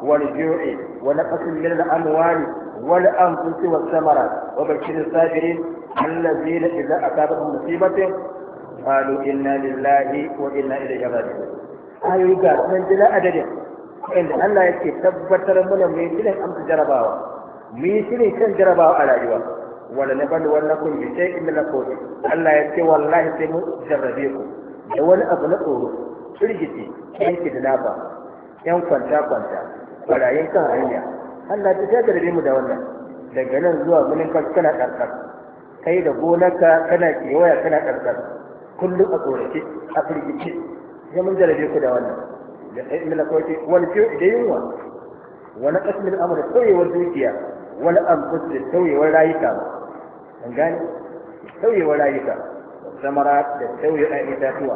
والجوع ونقص من الأموال والأنفس والثمرات وبشر الصابرين الذين إذا أصابتهم مصيبة قالوا إنا لله وإنا إليه راجعون ayoyi ga nan jina adadin inda Allah yake tabbatar mana mai shirin amsa jarabawa mu shirin kan jarabawa a rayuwa Wani na bani wannan kun bi sai in na Allah ya ce wallahi sai mu jarrabe ku da wani abu na tsoro firgice yan kidnapper yan kwanta-kwanta barayin kan hanya Allah ta garbe mu da wannan daga nan zuwa gunin kana karkar kai da gonarka kana kewaya kana karkar kullum a tsorace a firgice Ya mun jarabe ku da wannan da ilmin kawai wani fiye da yunwa wani kasmin amurka da sauyewar dukiya wani amfus da sauyewar rayuka an gane sauyewar rayuka samara da sauyewar itatuwa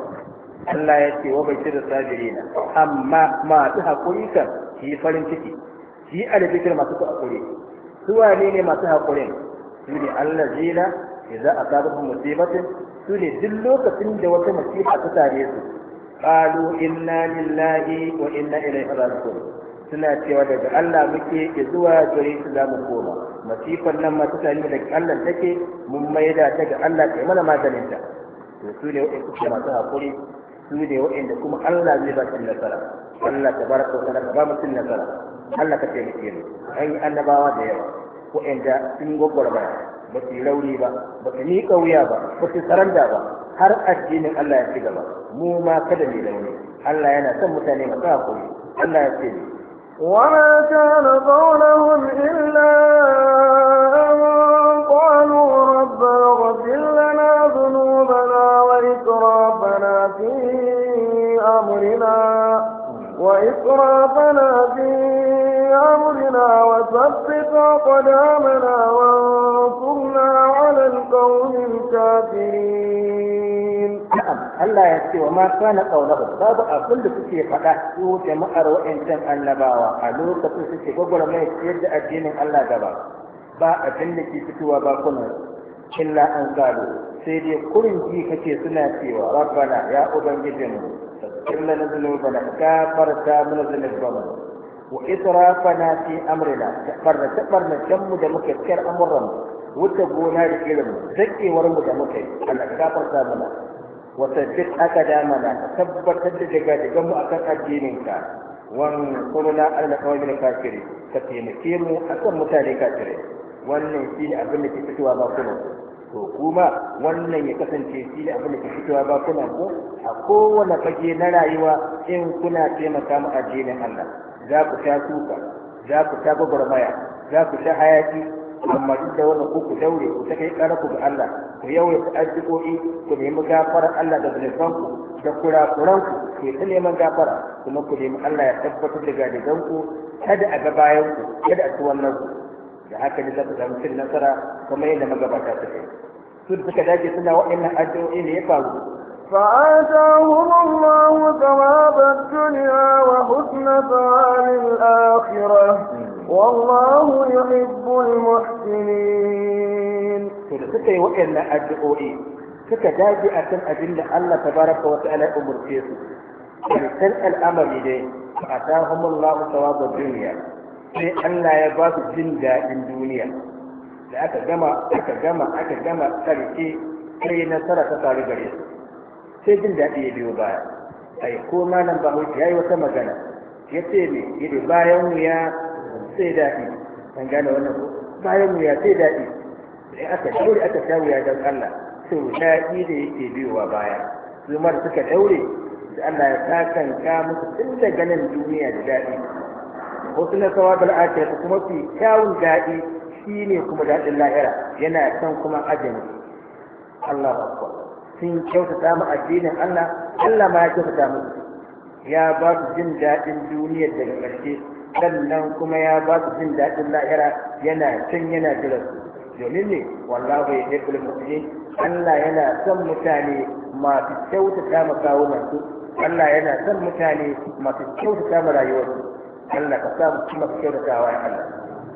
Allah ya ce wa bai bashir na amma masu haƙuri kan yi farin ciki yi alifikir masu haƙuri su wane ne masu haƙurin su ne Allah zina sabu asabahum musibatin su ne duk lokacin da wata musiba ta tare su ƙalu inna lillahi wa inna ilaihi raji'un suna cewa daga Allah muke ke zuwa gare su za mu koma masifan nan masu ta tare daga Allah take mun maida ta ga Allah kai mana maganin ta to su ne wa'in kuke masu haƙuri su ne waɗanda kuma Allah zai ba su nasara Allah ta bar ko kana ba mutun nasara Allah ka taimake mu an yi annabawa da yawa waɗanda sun gogwar ba ba su yi rauni ba ba su miƙa wuya ba ba su saranda ba har addinin Allah ya ci gaba mu ma kada mu rauni Allah yana son mutane ta hakuri Allah ya ce
وما كان قولهم إلا أن قالوا ربنا اغفر في أمرنا وإسرافنا في أمرنا وثبت أقدامنا وانصرنا على القوم الكافرين
Allah ya ce wa ma kana qaulahu babu abin da suke faɗa su jama'ar wa'ancan annabawa a lokacin suke gwagwarmaya yadda addinin Allah gaba ba abin da ke fitowa ba kuna illa an gado sai dai kurin ji kake suna cewa rabbana ya ubangijinmu tsakkir lana zunubana gafarta mana zunubanmu wa israfana fi amrina tabarna tabarna can mu da muke kyar amurran wuce gona da irin zakewar mu da muka yi Allah gafarta mana wa tabbit aka damana ka tabbatar da daga daga mu akan addininka wan kuluna Allah kawai ne kafiri ka taimake mu akan mutane kafirai wannan shine abin da ke fitowa ba kuma to kuma wannan ya kasance shi ne abin da ke fitowa ba kuna ko a kowane fage na rayuwa in kuna taimaka mu addinin Allah za ku sha kuka za ku sha gwagwarmaya za ku sha hayaki amma duk da wannan ku ku daure ku kai karaku ga Allah ku yawaita addu'o'i ku nemi gafarar Allah da zunubanku da kurakuranku ku ta neman gafara kuma ku nemi Allah ya tabbatar da gadiganku kada a ga bayanku kada a ci wannan ku da haka ne za ku samu cin nasara kamar yadda magabata suka yi su da suka dace suna waɗannan addu'o'i ne ya faru
فآتاهم الله ثواب الدنيا وحسن ثواب الآخرة والله يحب المحسنين
suka yi waɗannan addu'o'i suka daji a kan abin da Allah ta baraka wata ala umurce su. Kan al'amari dai, a ta hamullahu sawabar duniya, sai Allah ya ba su jin daɗin duniya da aka gama aka gama aka gama tsarki sai nasara ta faru gare su sai jin daɗi ya biyo baya ai ko malam ba ya yi wata magana ya ce ne ya bayan wuya sai daɗi an gane wannan ko bayan wuya sai daɗi sai aka daure aka sha wuya don Allah sai daɗi da yake biyowa baya su mara suka daure da Allah ya takanka musu tun da ganin duniya da daɗi wasu na sawa bal akira kuma fi kyawun daɗi shi ne kuma daɗin lahira yana can kuma ajami Allah akbar sun kyauta mu addinin Allah Allah ma ya kyautata mu ya ba su jin daɗin duniyar daga ƙarshe sannan kuma ya ba su jin daɗin lahira yana can yana jiran su domin ne wallahu ya hibbul mu'minin Allah yana son mutane masu kyauta ma kawunan su Allah yana son mutane masu kyautata ma rayuwarsu Allah ka samu kuma ka kyautatawa ya Allah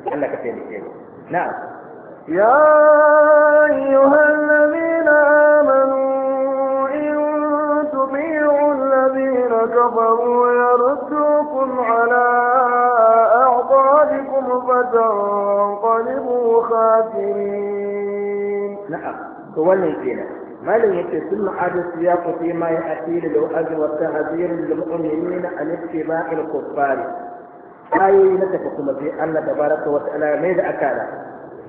Allah ka taimake mu na'am
ya ayyuhal ladina amanu in tuti'u alladhina kafaru yaruddukum ala a'qabikum fatanqalibu khasirin na'am
to wannan kenan مالك يكي ثم عاد السياق فيما يأتي للوعد والتهذير للمؤمنين عن اتباع الكفار ayoyi na tafi kuma sai Allah tabaraka wa ta'ala mai da akara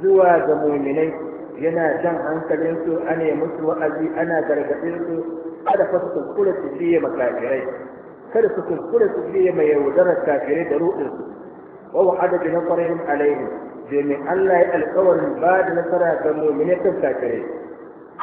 zuwa ga mu'minai yana jan hankalin su ana yi musu wa'azi ana gargadin su kada fa su kula su biye makafirai kada su kula su biye mai yaudarar kafirai da ruɗin su wa wa'ada bi nasarihim alaihim domin Allah ya alƙawarin ba da nasara ga mu'minai kan kafirai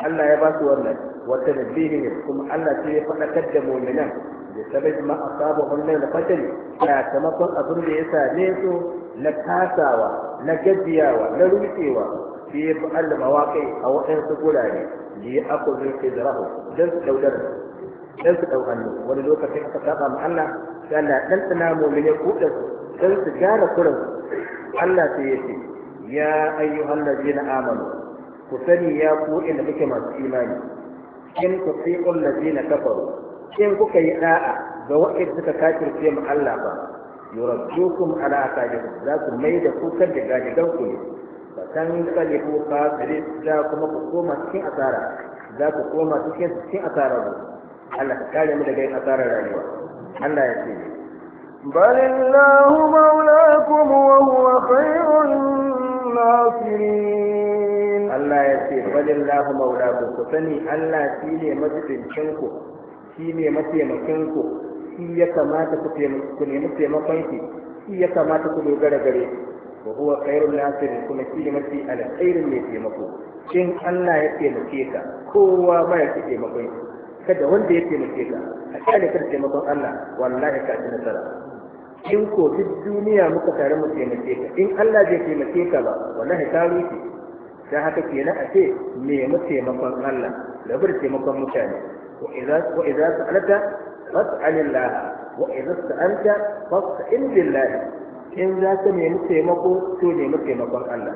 Allah ya ba su wannan wata nabihi kuma Allah sai ya faɗakar da mu'minan da sabai ma asabu wannan da fatali sakamakon abin da ya same su na kasawa na gajiyawa na rutsewa fi fa'al mawaqi a waɗansu gurare li aqulu qidrahu dan su daudar dan su ɗau hannu wani lokacin aka saba ma Allah sai Allah dan tsana mu'mine kudan dan su gyara kuran Allah sai ya ce ya ayyuhallazina amanu ku sani ya ku inda kuke masu imani in tuti'u allazina kafaru in kuka yi da'a ga wa'id suka kafirce mu Allah ba yurabbukum ala aqabikum za su mai da ku kan da gajigan ku ne fa kan kalibu kafiri za kuma ku koma cikin asara za ku koma cikin cikin asara ku Allah ka kare mu daga yin asarar rayuwa Allah ya ce
بل الله مولاكم وهو خير الناصرين
Allah ya ce falillahu maulaku ku sani Allah shi ne majibincin ku shi ne mataimakin ku shi ya kamata ku nemi taimakon shi shi ya kamata ku dogara gare wa huwa khairul nasir kuma shi ne mafi alkhairin mai taimako shin Allah ya taimake ka kowa ba ya taimakon shi kada wanda ya taimake ka a kyale kan taimakon Allah wallahi ka ci nasara in ko duk duniya muka tare mu taimake ka in Allah bai taimake ka ba wallahi ka rufe dan haka kenan a ce nemi taimakon Allah da bar taimakon mutane wa idza wa idza sa'alta fas'alillah wa idza sa'alta fas'al billah in za ka nemi taimako to nemi taimakon Allah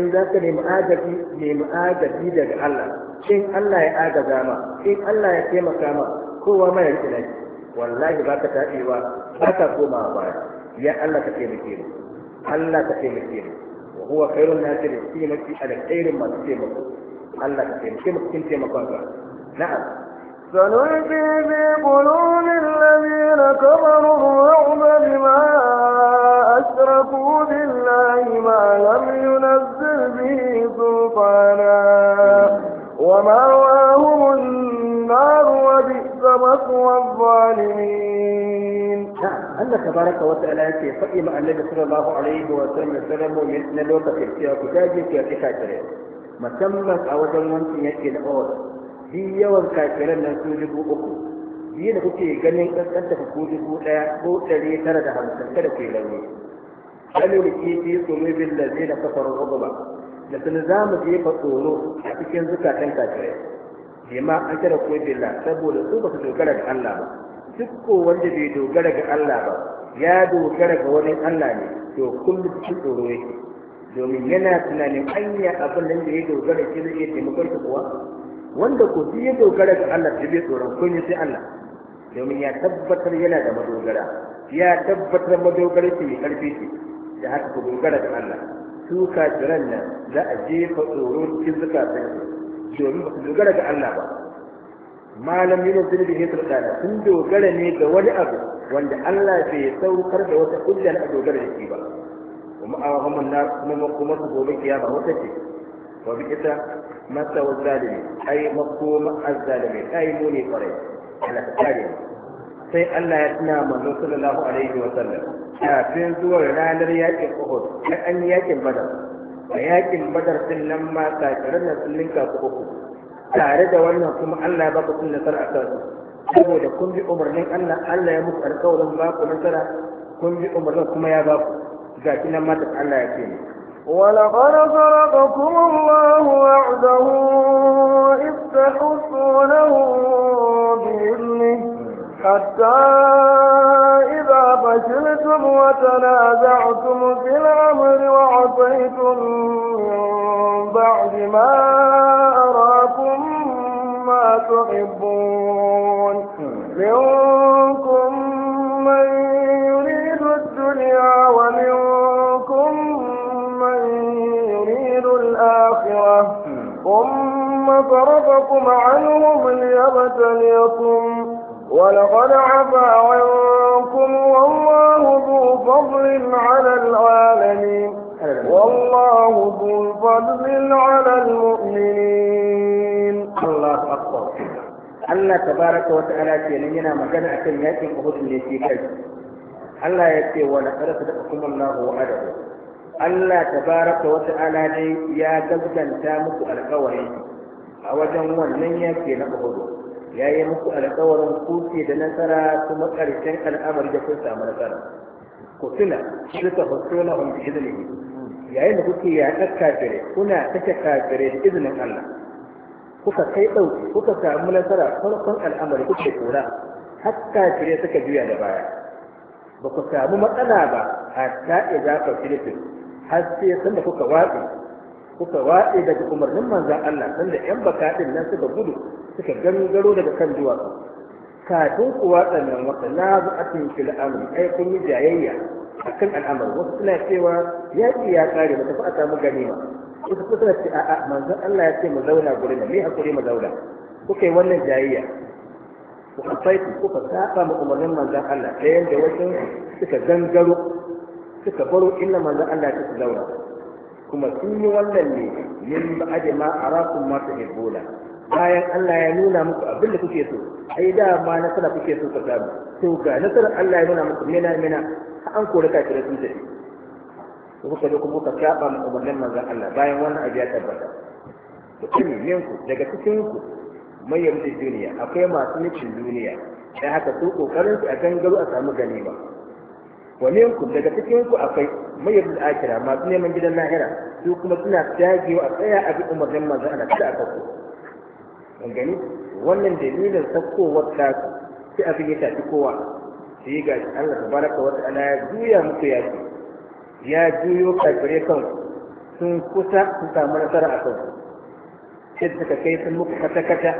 in za ka nemi agaji nemi agaji daga Allah in Allah ya agaza ma in Allah ya taimaka ma kowa mai rike na wallahi ba ka taɗewa ba ka komawa baya ya Allah ka taimake mu Allah ka taimake mu وهو خير الناس في نفسي على خير ما تسيبك الله على كيف كنت مكانك نعم
سنلقي في قلوب الذين كفروا الرعب بما أشركوا بالله ما لم ينزل به سلطانا ومأواهم النار وبئس مثوى الظالمين الله تبارك وتعالى يكي
فقي مع النبي صلى الله عليه وسلم من نلوك في السياق a wajen الكافرين yake da جنون bi yawan في يوم كافرين dubu uku. biyu da kuke ganin ƙasƙanta ku dubu ɗaya ko ɗari tara da hamsin kada ku yi launi kalu da ke fi tsoro bin da zai da kafar ba da sun za mu jefa tsoro a cikin zukatan kafirai bima an tara ko billah saboda su ba su dogara ga Allah ba duk ko wanda bai dogara ga Allah ba ya dogara ga wani Allah ne to kullu cikin tsoro yake domin yana tunanin anya abin da ya dogara shi zai iya taimakon shi kuwa wanda ko ya dogara ga Allah da bai tsoron kun sai Allah domin ya tabbatar yana da madogara ya tabbatar madogara shi mai karfi shi da haka ku dogara ga Allah su kafiran nan za a jefa tsoro cikin zukatan domin ba su dogara ga Allah ba malam yana zirbi ya tsada sun dogara ne ga wani abu wanda Allah bai saukar da wata hujja na dogara da shi ba kuma a wannan na kuma kuma su gobe kiyama wata ce wa bi ita masa wazalimi ai makoma azzalimi ai mu ne kwarai Allah ta kare sai Allah ya tuna manzo sallallahu alaihi wa sallam kafin zuwa ranar yakin Uhud kai an yakin Badar a yakin badar din nan ma kafiran nan sun linka su uku tare da wannan kuma Allah ya ba ku sun nasara a kansu saboda kun bi umarnin Allah Allah ya muku alƙawarin ba ku nasara kun bi umarnin kuma ya ba ku ga nan mata Allah ya ce ni
ولقد صدقكم الله وعده إذ تحسونه بإذنه حتى إذا فشلتم وتنازعتم في الأمر وعصيتم من بعد ما أراكم ما تحبون منكم من يريد الدنيا ومنكم من يريد الآخرة ثم فرضكم عنهم ليبتليكم ولقد عفى عنكم والله ذو فضل على العالمين والله ذو فضل على المؤمنين
الله أكبر الله تبارك وتعالى كلينا مجنع كلمات أهد اللي في كذب الله يكفي ولقد صدقكم الله وعده الله تبارك وتعالى يا قلبا تامك القوي أوجا ومن يكفي نبغضه ya yi muku alƙawarin kuce da nasara kuma ƙarshen al'amari da kun samu nasara ku tuna suka fasola na bi izini yayin da kuke yaƙar kafire, kuna kashe kafire, da izinin Allah kuka kai ɗauki kuka samu nasara farkon al'amari kuke kora har kafire suka juya da baya ba ku samu matsala ba hatta idza ka filifin har sai sanda kuka watsi kuka watsi daga umarnin manzon Allah sanda yan bakaɗin nan suka gudu suka gangaro daga kan duwatsu kafin ku waɗannan wata na a fil amri ai kun yi jayayya kan al'amari wasu suna cewa yaƙi ya ƙare ba tafi a samu ganima wasu kuma suna ce a'a manzon Allah ya ce mu zauna gurin da me hakuri mu zauna kuka yi wannan jayayya ku ku kuka saba ma umarnin manzon Allah ta yanda wajen suka gangaro suka baro illa manzon Allah ya su zauna kuma sun yi wannan ne min ba'ade ma arakum ma tuhibbuna bayan Allah ya nuna muku abin da kuke so ai da ma nasara kuke so ka samu to ga nasarar Allah ya nuna muku mena mena an kore ka kira su dai to kuka je kuma ka kaba mu umarnin manzon Allah bayan wannan abu ya tabbata to kimi ku daga cikin ku mai yamta duniya akwai masu nufin duniya dan haka su kokarin su a gangaro a samu ganima wani ku daga cikin ku akwai mai yamta akira masu neman gidan lahira su kuma suna dagewa a tsaya a bi umarnin manzon Allah kada aka ku kun gani wannan dalilin sakkowar ta sai abin ya tafi kowa sai ga Allah baraka wata ana ya juya ya ce ya juyo kafirai kan sun kusa su samu nasara a kanku sai suka kai sun muku kata-kata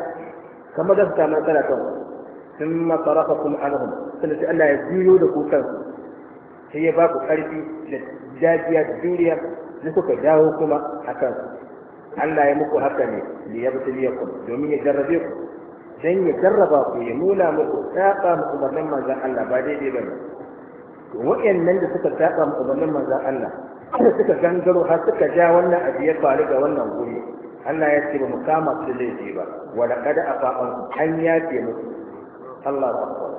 kamar da su samu nasara kan sun masarafa kuma anhum sannan sai Allah ya juyo da ku sai ya ba ku ƙarfi da dajiya da juriya da kuka dawo kuma a kansu Allah ya muku haka ne li ku domin ya jarrabe ku dan ya jarraba ku ya nuna muku tsaka muku umarnin manzon Allah ba daidai ba ne to waɗannan da suka tsaka muku umarnin manzon Allah da suka gangaro har suka ja wannan abu ya faru ga wannan guri Allah ya ce ba mu kama su laifi ba wa laqad afa'an an yafe musu Allah akbar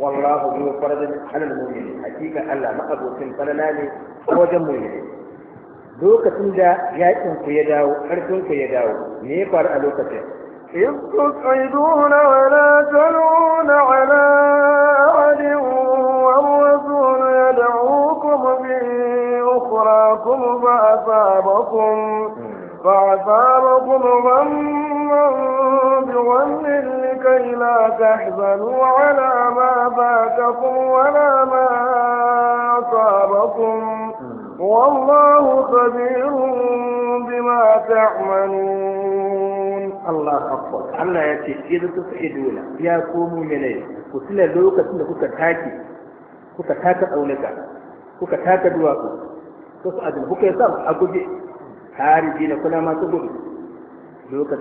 wallahu bi farajin alal ne, hakika Allah ma'abucin falala ne wajen mu ne. lokacin da yakin ku ya dawo karfin ku ya dawo me ya faru a lokacin
إذ تصعدون ولا تلون على أحد والرسول يدعوكم في أخراكم فأثابكم فأثابكم غما بغم لكي لا تحزنوا على ما فاتكم ولا ما أصابكم والله خبير بما تعملون
الله أكبر الله يأتي إذا تفعلون يا قوم إليه وسلا لوكا سلا كوكا تاكي كوكا تاكا أولكا كوكا تاكا دواكو كوكا أدن كوكا يسار أقودي خارجين كنا ما تقول لوكا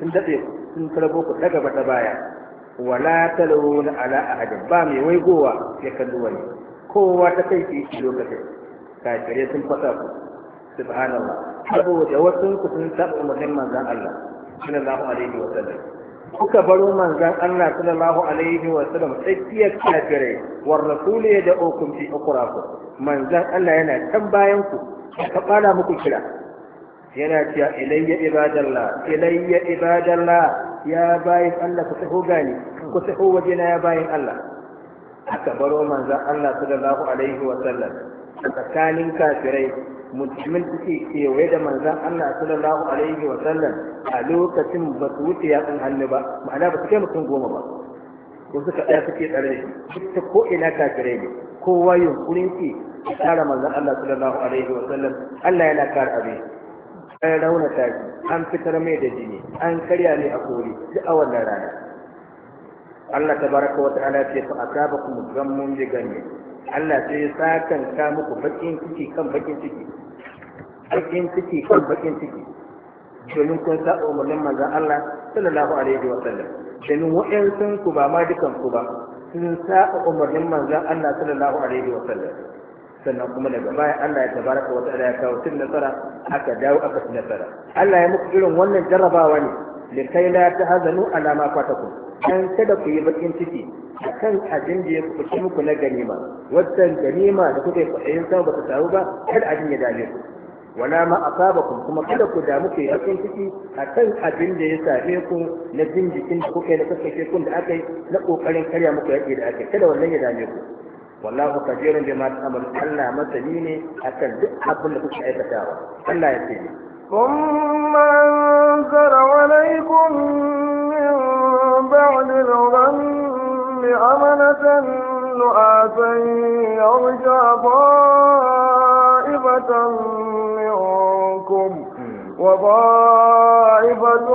سندقيق سنكربوكو تقبت بايا ولا تلون على أحد بامي ويقوى يكدوني kowa ta kai ke shi kafirai sun faɗa ku subhanallah saboda wasu ku sun taɓa umarnin manzon Allah sallallahu alaihi wa sallam kuka baro manzon Allah sallallahu alaihi wa sallam tsakiyar kafirai war rasul ya da ukum fi ukraku manzon Allah yana can bayan ku ka fara muku kira yana cewa ilayya ibadallah ilayya ibadallah ya bayin Allah ku taho gani ku taho wajena ya bayin Allah aka baro manzon Allah sallallahu alaihi wa sallam a tsakanin kafirai mutumin suke kewaye da manzan Allah sallallahu alaihi wa sallam a lokacin ba su wuce yatsun hannu ba ma'ana ba su kai mutum goma ba ko suka ɗaya suke tsare duk ta ko ina kafirai ne kowa yunkurin ki kare manzan Allah sallallahu alaihi wa sallam Allah yana kare abin an raunata shi an fitar mai da jini an karya ne a kori duk a wannan rana Allah tabaraka wa ta'ala ce fa asabakum ghammun bi ghammin Allah sai ya sakanta muku bakin ciki kan bakin ciki bakin ciki kan bakin ciki domin kun sa umarnin manzon Allah sallallahu alaihi wa sallam domin wa'ansun ku ba ma dukan ku ba sun sa umarnin manzon Allah sallallahu alaihi wa sallam sannan kuma daga baya Allah ya tabaraka wa ta'ala ya kawo tun nasara aka dawo aka tun nasara Allah ya muku irin wannan jarrabawa ne likai la tahzanu ala ma fatakum dan kada ku yi bakin ciki Akan kan abin da ya kuɓuce muku na ganima wannan ganima da kuka yi kwaɗayin sama ba ta taru ba kada abin ya dame ku wala ma ku kuma kada ku damu ku yi bakin ciki a kan abin da ya same ku na jin jikin da kuka yi na ce kun da aka yi na ƙoƙarin karya muku yaƙi da aka yi kada wannan ya dame ku wallahu bi ma ta'malu Allah masani ne akan duk abin da kuke aikatawa Allah ya ce
ثم أنزل عليكم من بعد الغم أمنة نعاسا يرجى طائفة منكم وطائفة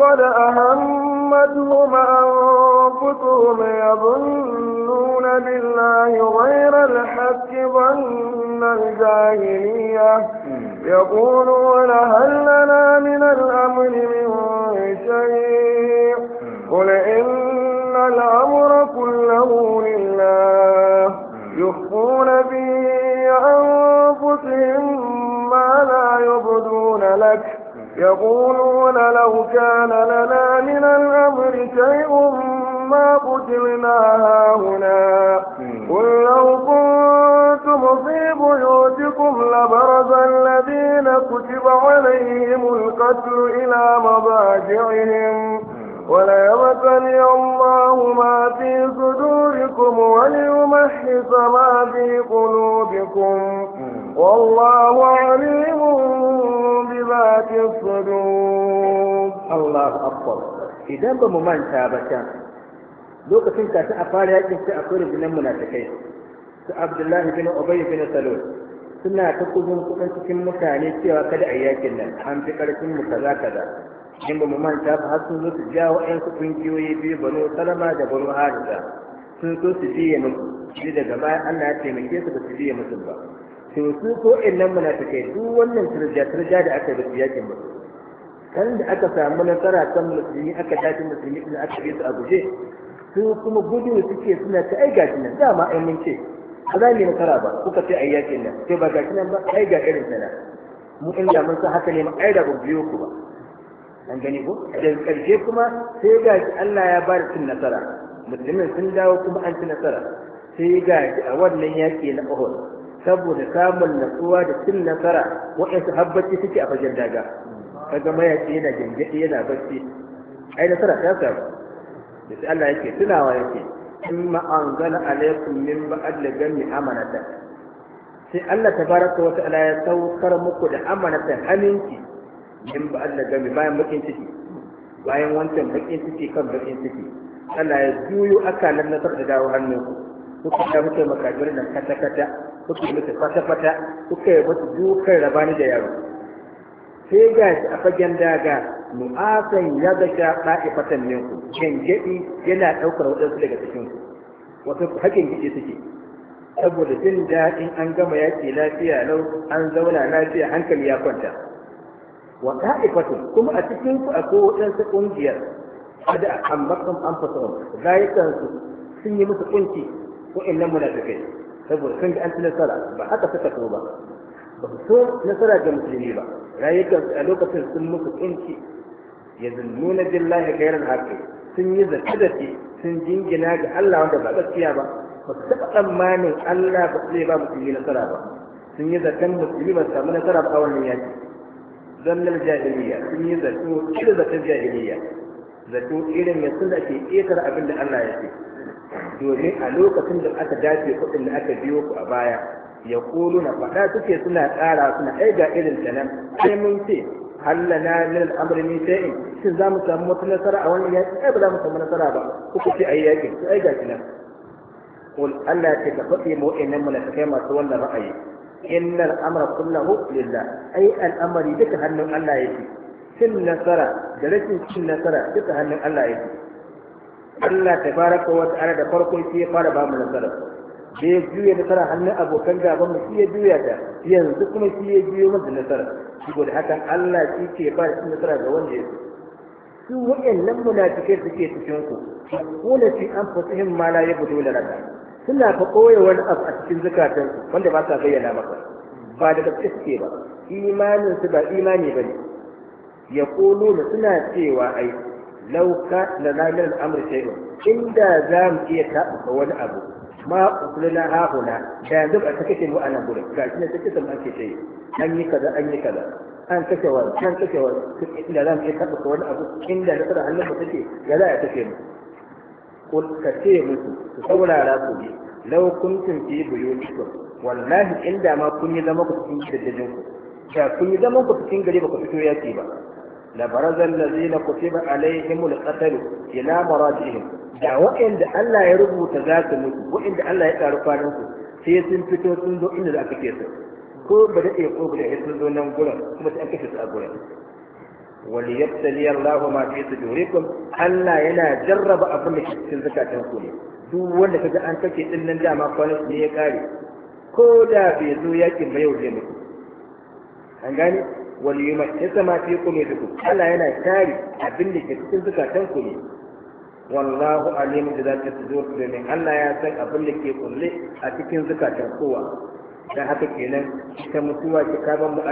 قد أهمتهم أنفسهم يظنون بالله غير الحق ظن الجاهلية يقولون هل لنا من الأمر من شيء قل إن الأمر كله لله يخفون به أنفسهم ما لا يبدون لك يقولون لو كان لنا من الأمر شيء ما قتلنا هاهنا قل لو كنتم في بيوتكم لبرز الذين كتب عليهم القتل إلى مضاجعهم ولا يمكن الله ما في صدوركم وليمحص ما في قلوبكم والله عليم بذات الصدور
الله أكبر إذا أنت ممان تابتا لو كنت أفعل يجب تأكل من المنافقين عبد الله بن أبي بن سلول suna ta kudin kudin cikin mutane cewa kada a yakin nan an fi in ba mu manta ba har sun zo su wa waɗansu ƙungiyoyi biyu banu salama da banu harisa sun so su biya musu shi daga baya Allah ya taimake su ba su biya musu ba to su ko ta kai duk wannan turja-turja da aka su yakin ba kan da aka samu nasara kan musulmi aka dace musulmi din aka bi su a guje su kuma gudu suke suna ta ai gashi nan dama ai mun ce ba za mu yi nasara ba kuka ce ai yaƙin nan sai ba gashi nan ba ai ga irin sana mu inda mun san haka ne mu ai da biyo ku ba an gani ko da ƙarshe kuma sai ga Allah ya ba da nasara musulmin sun dawo kuma an ci nasara sai ga a wannan yaƙi na Uhud saboda samun natsuwa da cin nasara su habbaci suke a fagen daga kaga mayaƙi yana gangaɗi yana bacci ai nasara ta samu da sai Allah yake tunawa yake in ma anzala alaikum min ba'd la gami amanatan sai Allah tabaraka wa ta'ala ya saukar muku da amanatan aminci min ba Allah gami bayan bakin ciki bayan wancan bakin ciki kan bakin ciki Allah ya juyo aka nan na da dawo hannu ku kuka ya muke makabir nan kata kata kuka muke fata fata kuka yi musu dukan rabani da yaro sai ga shi a fagen daga mu'asan ya gasha ɗa'ifatan minku gyangyaɗi yana ɗaukar waɗansu daga cikin ku wato hakin gije suke saboda jin daɗin an gama yaƙi lafiya lau an zauna lafiya hankali ya kwanta wa ta'ifatun kuma a cikin ku akwai waɗansu ƙungiyar kada ambatum an fasara zayukan su sun yi musu kunci wa'annan munafikai saboda sun ga an ci nasara ba haka suka so ba ba su so nasara ga musulmi ba rayukan su a lokacin sun musu kunci yazunnuna billahi ghayral haqqi sun yi zakadati sun jingina ga Allah wanda ba gaskiya ba ba su taɓa tsammanin Allah ba zai ba musulmi nasara ba sun yi zaton musulmi ba su samu nasara ba a wannan yaki zallar jahiliya sun yi zato irin zaton jahiliya zato irin ya suna ke ƙetar abin da Allah ya ce domin a lokacin da aka dace kuɗin da aka biyo ku a baya ya kulu na faɗa suke suna ƙara suna ai ga irin ta nan sai mun ce hallana min al'amri min shay'in shin za mu samu wata nasara a wani yaƙi ai ba za mu samu nasara ba kuka ce ai yaƙin to ai ga shi nan Allah ya ce ka faɗi mu wa'annan kai masu wannan ra'ayi innal amra kullahu lillah ai al'amari duka hannun Allah yake cin nasara da rashin cin nasara duka hannun Allah yake Allah tabaraka wa ta'ala da farko shi ya fara ba mu nasara da ya juya nasara hannun abokan gaban mu shi ya juya ta yanzu kuma shi ya juyo masa nasara saboda hakan Allah shi ke ba shi nasara ga wanda ya su wa'annan munafikai suke cikin ku kuna fi anfusihim ma la yabdu lana suna fa koya wani abu a cikin zukatansu wanda ba sa bayyana maka ba da gaske suke ba imanin su ba imani bane ya da suna cewa ai lauka la namin al'amr shay'un inda za mu iya taɓuka wani abu ma usulina hahuna da yanzu ba ta kashe mu a nan gurin ga shi ne ta kisa ake shayi an yi kaza an yi kaza an kashe wani an kashe wani inda za mu iya taɓuka wani abu inda na tsara hannun mu take ya za a kashe mu kul ka ce musu ku saurara ku ne law kuntum fi wallahi inda ma kun yi zaman ku cikin gidajen da kun yi zama ku gari ba ku fito yaki ba la barazal ladina kutiba alaihimul qatl ila marajihim da wa'anda Allah ya rubuta za su mutu wa'anda Allah ya karu kwanan sai sun fito sun zo inda za ka ke su ko ba ba nan kuma sai an a gurin Wali ya fita niyyar Lahu Masu yana jarraba abun da ke cikin zukatanku ne, duk wanda ka an tauke a da ma kwana ne ya ƙare? Ko da bai zo yaƙin ba yau, Jami. A gani, wani mai yasa masu yau kuma yau ta Allah yana ƙare abun da ke cikin zukatanku ne. Wani lahu da zata ta zo su Allah ya san abun da ke ƙuɗe a cikin zukatansuwa. Dan haka kenan ita mutuwa ke kafin mu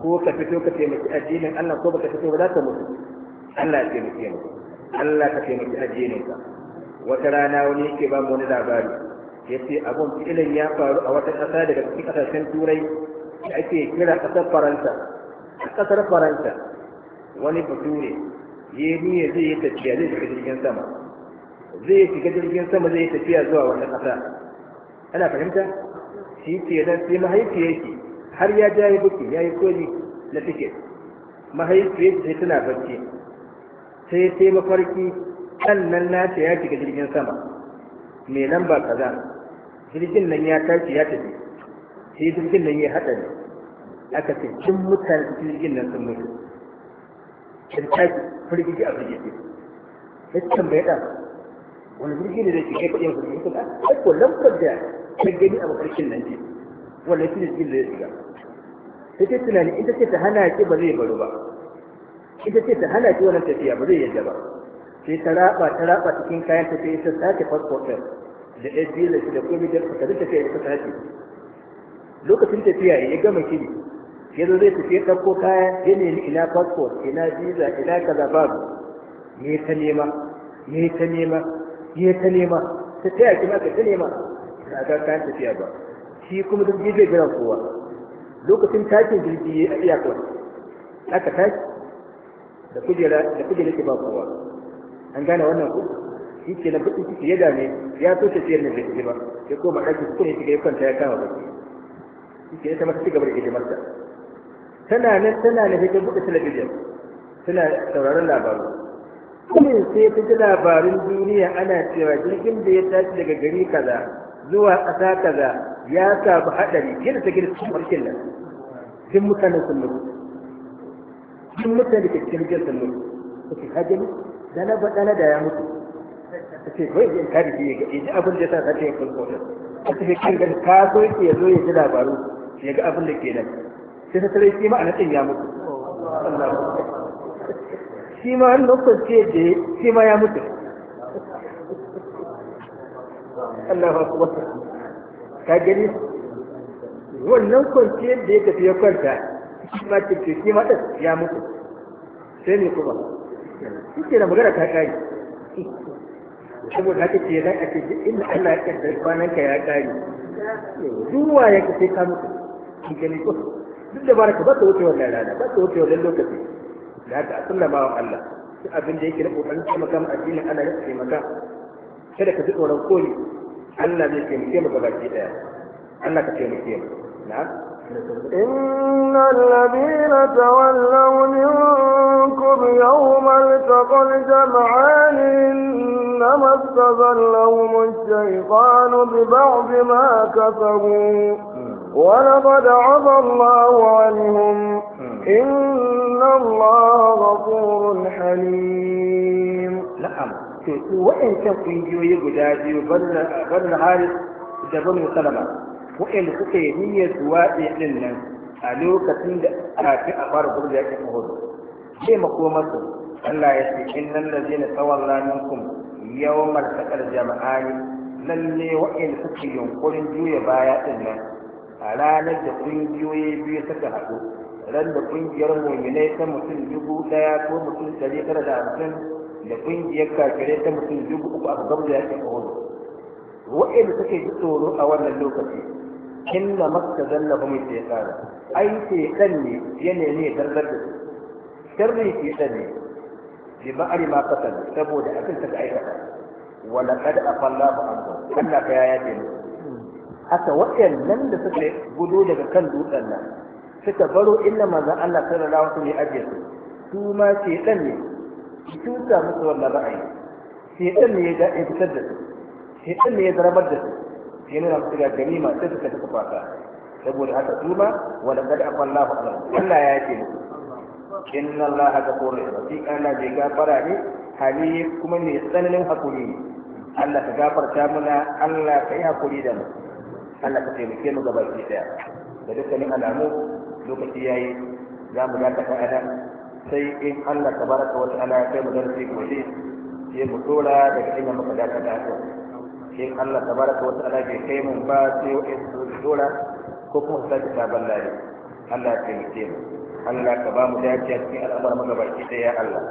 ko ka fito ka taimaki addinin Allah ko baka fito ba za ka mutu Allah ya taimake mu Allah ka taimaki addinin ka wata rana wani yake ba mu wani labari yace abun filin ya faru a wata kasa daga cikin kasashen turai da ake kira ƙasar Faransa a ƙasar Faransa wani bature ya niyya zai yi tafiya zai shiga jirgin sama zai shiga jirgin sama zai yi tafiya zuwa wata kasa ana fahimta shi ke nan sai mahaifiyar shi har ya ja ya buki ya yi koli na tiket mahaifiyar sai tana barci sai sai mafarki ɗan nan ce ya shiga jirgin sama mai nan ba kaza jirgin nan ya tashi ya tafi sai jirgin nan ya haɗa ne aka ce cin mutane jirgin nan sun mutu cin tashi firgiji a firgiji ya tambaye ɗan wani jirgin ne zai shiga kuɗin firgiji kuma ah, ai ko lamfar da ta gani a mafarkin nan ce wannan shi jirgin da ya shiga sai ta tunani ita ce ta hana ki ba zai baro ba ita ce ta hana ki wannan tafiya ba zai yadda ba sai ta raba ta raba cikin kayan tafiya ta sake passport ɗin da ɗan da komai da ta zai tafiya ta tafi lokacin tafiya ya gama shiri ya zo zai tafiya ko kaya ya nemi ina passport ina visa ina kaza babu me ta nema me ta nema me ta nema ta taya ki ma ka ta nema ba ga kayan tafiya ba shi kuma duk zai gina kowa lokacin takin jirgi a iyakar aka tashi da kujera da kujera ke ba kowa an gane wannan ku shi ke na bukin ciki ya dame ya so tafiyar ne bai ba ya koma ɗakin kuma ya shiga ya kwanta ya kama ba shi ke ta masa ci gaba da marta tana nan tana na hikin buɗe talabijin tana sauraron labaru kuma sai ta ji labarin duniya ana cewa jirgin da ya tashi daga gari kaza zuwa ƙasa kaza ya samu haɗari fiye ta gina cikin barkin nan duk mutanen sun mutu duk mutanen da cikin jirgin sun mutu ta ce hajji ne dana ba dana da ya mutu ta ce kawai zai kari fiye ga ji abin da ya sa ta ce yankin kotar ta ce kan gan ka so yake ya zo ya ji labaru ya ga abin da ke nan sai ta tare shi ma'ana ɗin ya mutu shi ma an lokacin ce da shi ma ya mutu Allah ba ku wasu ka gani wannan kwanci da ya tafi ya kwanta shi ma kirki shi ma ɗin ya mutu sai ne kuma shi ke da magana ta ƙari saboda haka ce zan ake ji inda Allah ya ƙarfi kwanan ka ya ƙari zuwa ya kace ka mutu shi gani ko duk da baraka ba ta wuce wannan rana ba ta wuce wannan lokaci da haka sallama wa Allah su abin da yake na ƙoƙarin taimaka ma addinin ana ya taimaka kada ka ji tsoron koli. Allah zai taimake mu gabaki daya Allah
إن الذين تولوا منكم يوم التقى الجمعان إنما استذلهم الشيطان ببعض ما كسبوا ولقد عفى الله عنهم إن الله غفور حليم نعم to su
wa'ancan ƙungiyoyi guda biyu ban na haris da banu salama wa'anda suka yi niyyar zuwa ɗin nan a lokacin da kafin a fara gudu yakin uhud ce makomarsu Allah ya ce in nan innal tsawon ranar minkum yawmal martakar jama'ani lalle wa'anda suka yunkurin juya baya ɗin nan a ranar da ƙungiyoyi biyu suka haɗu ran da ƙungiyar mu'minai ta mutum dubu ɗaya ko mutum ɗari tara da hamsin da ƙungiyar kafirai ta mutum dubu uku a aka gamza yakin uhud wa'anda suke ji tsoro a wannan lokaci inna makka zallaba mai shaytan ai sai kan ne ya ne darbar da su sharri shaytan ne bi ma'ari ma fatal saboda akan ta aikata wa laqad afalla ba an Allah ka yaya ce haka waɗannan da suke gudu daga kan dutsen nan suka baro inna maza Allah sallallahu alaihi wasallam ya ajiye su su ma shaytan ne cuta musu wannan ra'ayi sai ɗan ne ya ga ya fitar da su sai ɗan ne ya zarabar da su sai nuna su ga ma sai suka tafi fata saboda haka su ma wala kad afallahu alaihi Allah ya ce musu inna allaha ghafurur rahim kana bai gafara ne Hali kuma ne tsananin hakuri ne Allah ka gafarta muna Allah ka yi hakuri da mu Allah ka taimake mu gaba ki daya da dukkanin alamu lokaci yayi za mu dakata a nan sai in Allah baraka wa ta'ala ya kai mu darasi gobe sai mu tura daga inda muka dace da haka in Allah baraka wa ta'ala bai kai mu ba sai in su tura ko kuma sai sabon lalle Allah ya yi mu Allah ka ba mu dace a cikin al'amuran mu gaba ki ya Allah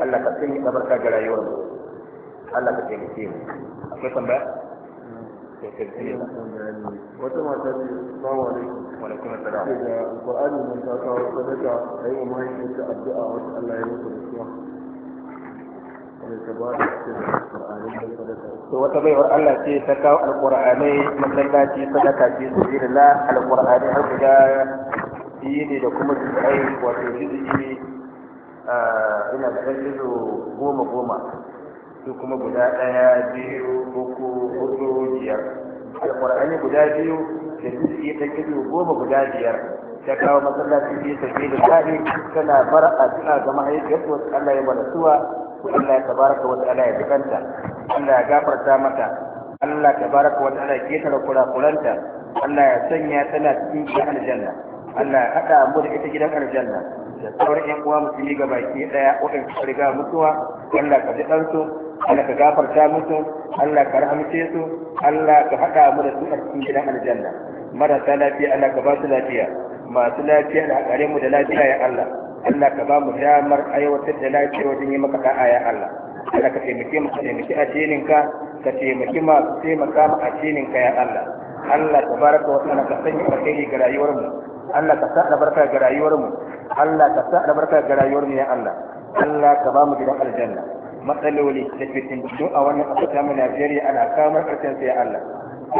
Allah ka sanya barka ga rayuwar mu Allah ka taimake mu akwai tambaya wata mata ne sawa ne daga alƙur'ani mun ta kawo sadaka a yi wa mahaifinta addu'a wata Allah ya mutu da suwa wani ta ba da cikin alƙur'ani da sadaka to wata baiwar Allah ce ta kawo alƙur'anai masallaci sadaka ce su yi da alƙur'ani har guda biyu ne da kuma jisai wato jizgi ina da ɗan goma goma su kuma guda ɗaya biyu ko biyar alƙur'ani guda biyu da zuciya ta kiri goma guda biyar ta kawo masallaci biyu ta ke da tsari tana bar addu'a ga mahaifiyar wasu Allah ya bada suwa Allah ya tabaraka wata ta'ala ya bukanta Allah ya gafarta mata Allah tabaraka wa ta'ala ya ketara kurakuranta Allah ya sanya tana cikin gidan aljanna Allah ya haɗa mu da ita gidan aljanna da sauran ƴan uwa musulmi ga baki ɗaya waɗanda suka riga mutuwa Allah ka ji ɗansu Allah ka gafarta musu Allah ka rahamce su Allah ka haɗa mu da su a cikin gidan aljanna marasa lafiya Allah ka ba su lafiya masu lafiya da haƙare mu da lafiya ya Allah Allah ka ba mu damar aiwatar da lafiya wajen yi maka da'a ya Allah Allah ka taimake mu ka taimaki addininka ka taimaki masu taimaka mu addininka ya Allah Allah tabaraka wa ta'ala ka sanya alkhairi ga rayuwar mu Allah ka sa albarka ga rayuwar mu Allah ka sa albarka ga rayuwar mu ya Allah Allah ka ba mu gidan aljanna matsaloli da fitintunu a wannan ƙasar ta mu Najeriya ana kamar ƙarshen sai Allah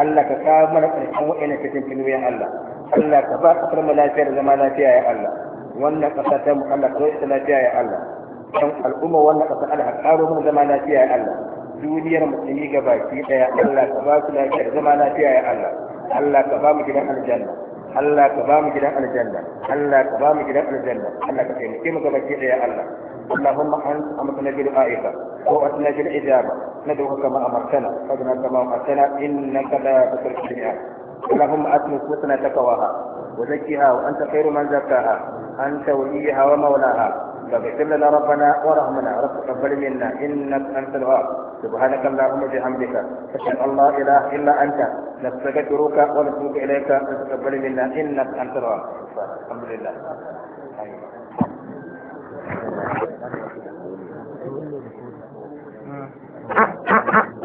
Allah ka kamar ƙarshen wa'annan fitin ya Allah Allah ka ba ƙasar mu lafiya da zama lafiya ya Allah wannan ƙasa ta mu Allah ka ta lafiya ya Allah kan al'umma wannan ƙasa Allah ka karo mana zama lafiya ya Allah duniyar musulmi gabaki ɗaya Allah ka ba su lafiya da zama lafiya ya Allah Allah ka ba mu gidan aljanna Allah ka ba mu gidan aljanna Allah ka ba mu gidan aljanna Allah ka taimake mu gabaki ki Allah اللهم أنت أمرتنا بدعائك وأتنا بالإجابة ندعوك كما أمرتنا فادنا كما أمرتنا إنك لا تترك الشيء اللهم آت نفوسنا تقواها وزكها وأنت خير من زكاها أنت وليها ومولاها فاغفر لنا ربنا ورحمنا رب تقبل منا انك انت الغفور سبحانك اللهم وبحمدك اشهد ان لا اله الا انت نستغفرك ونتوب اليك وتقبل منا انك انت الغفور الحمد لله a ah, a ah, ah.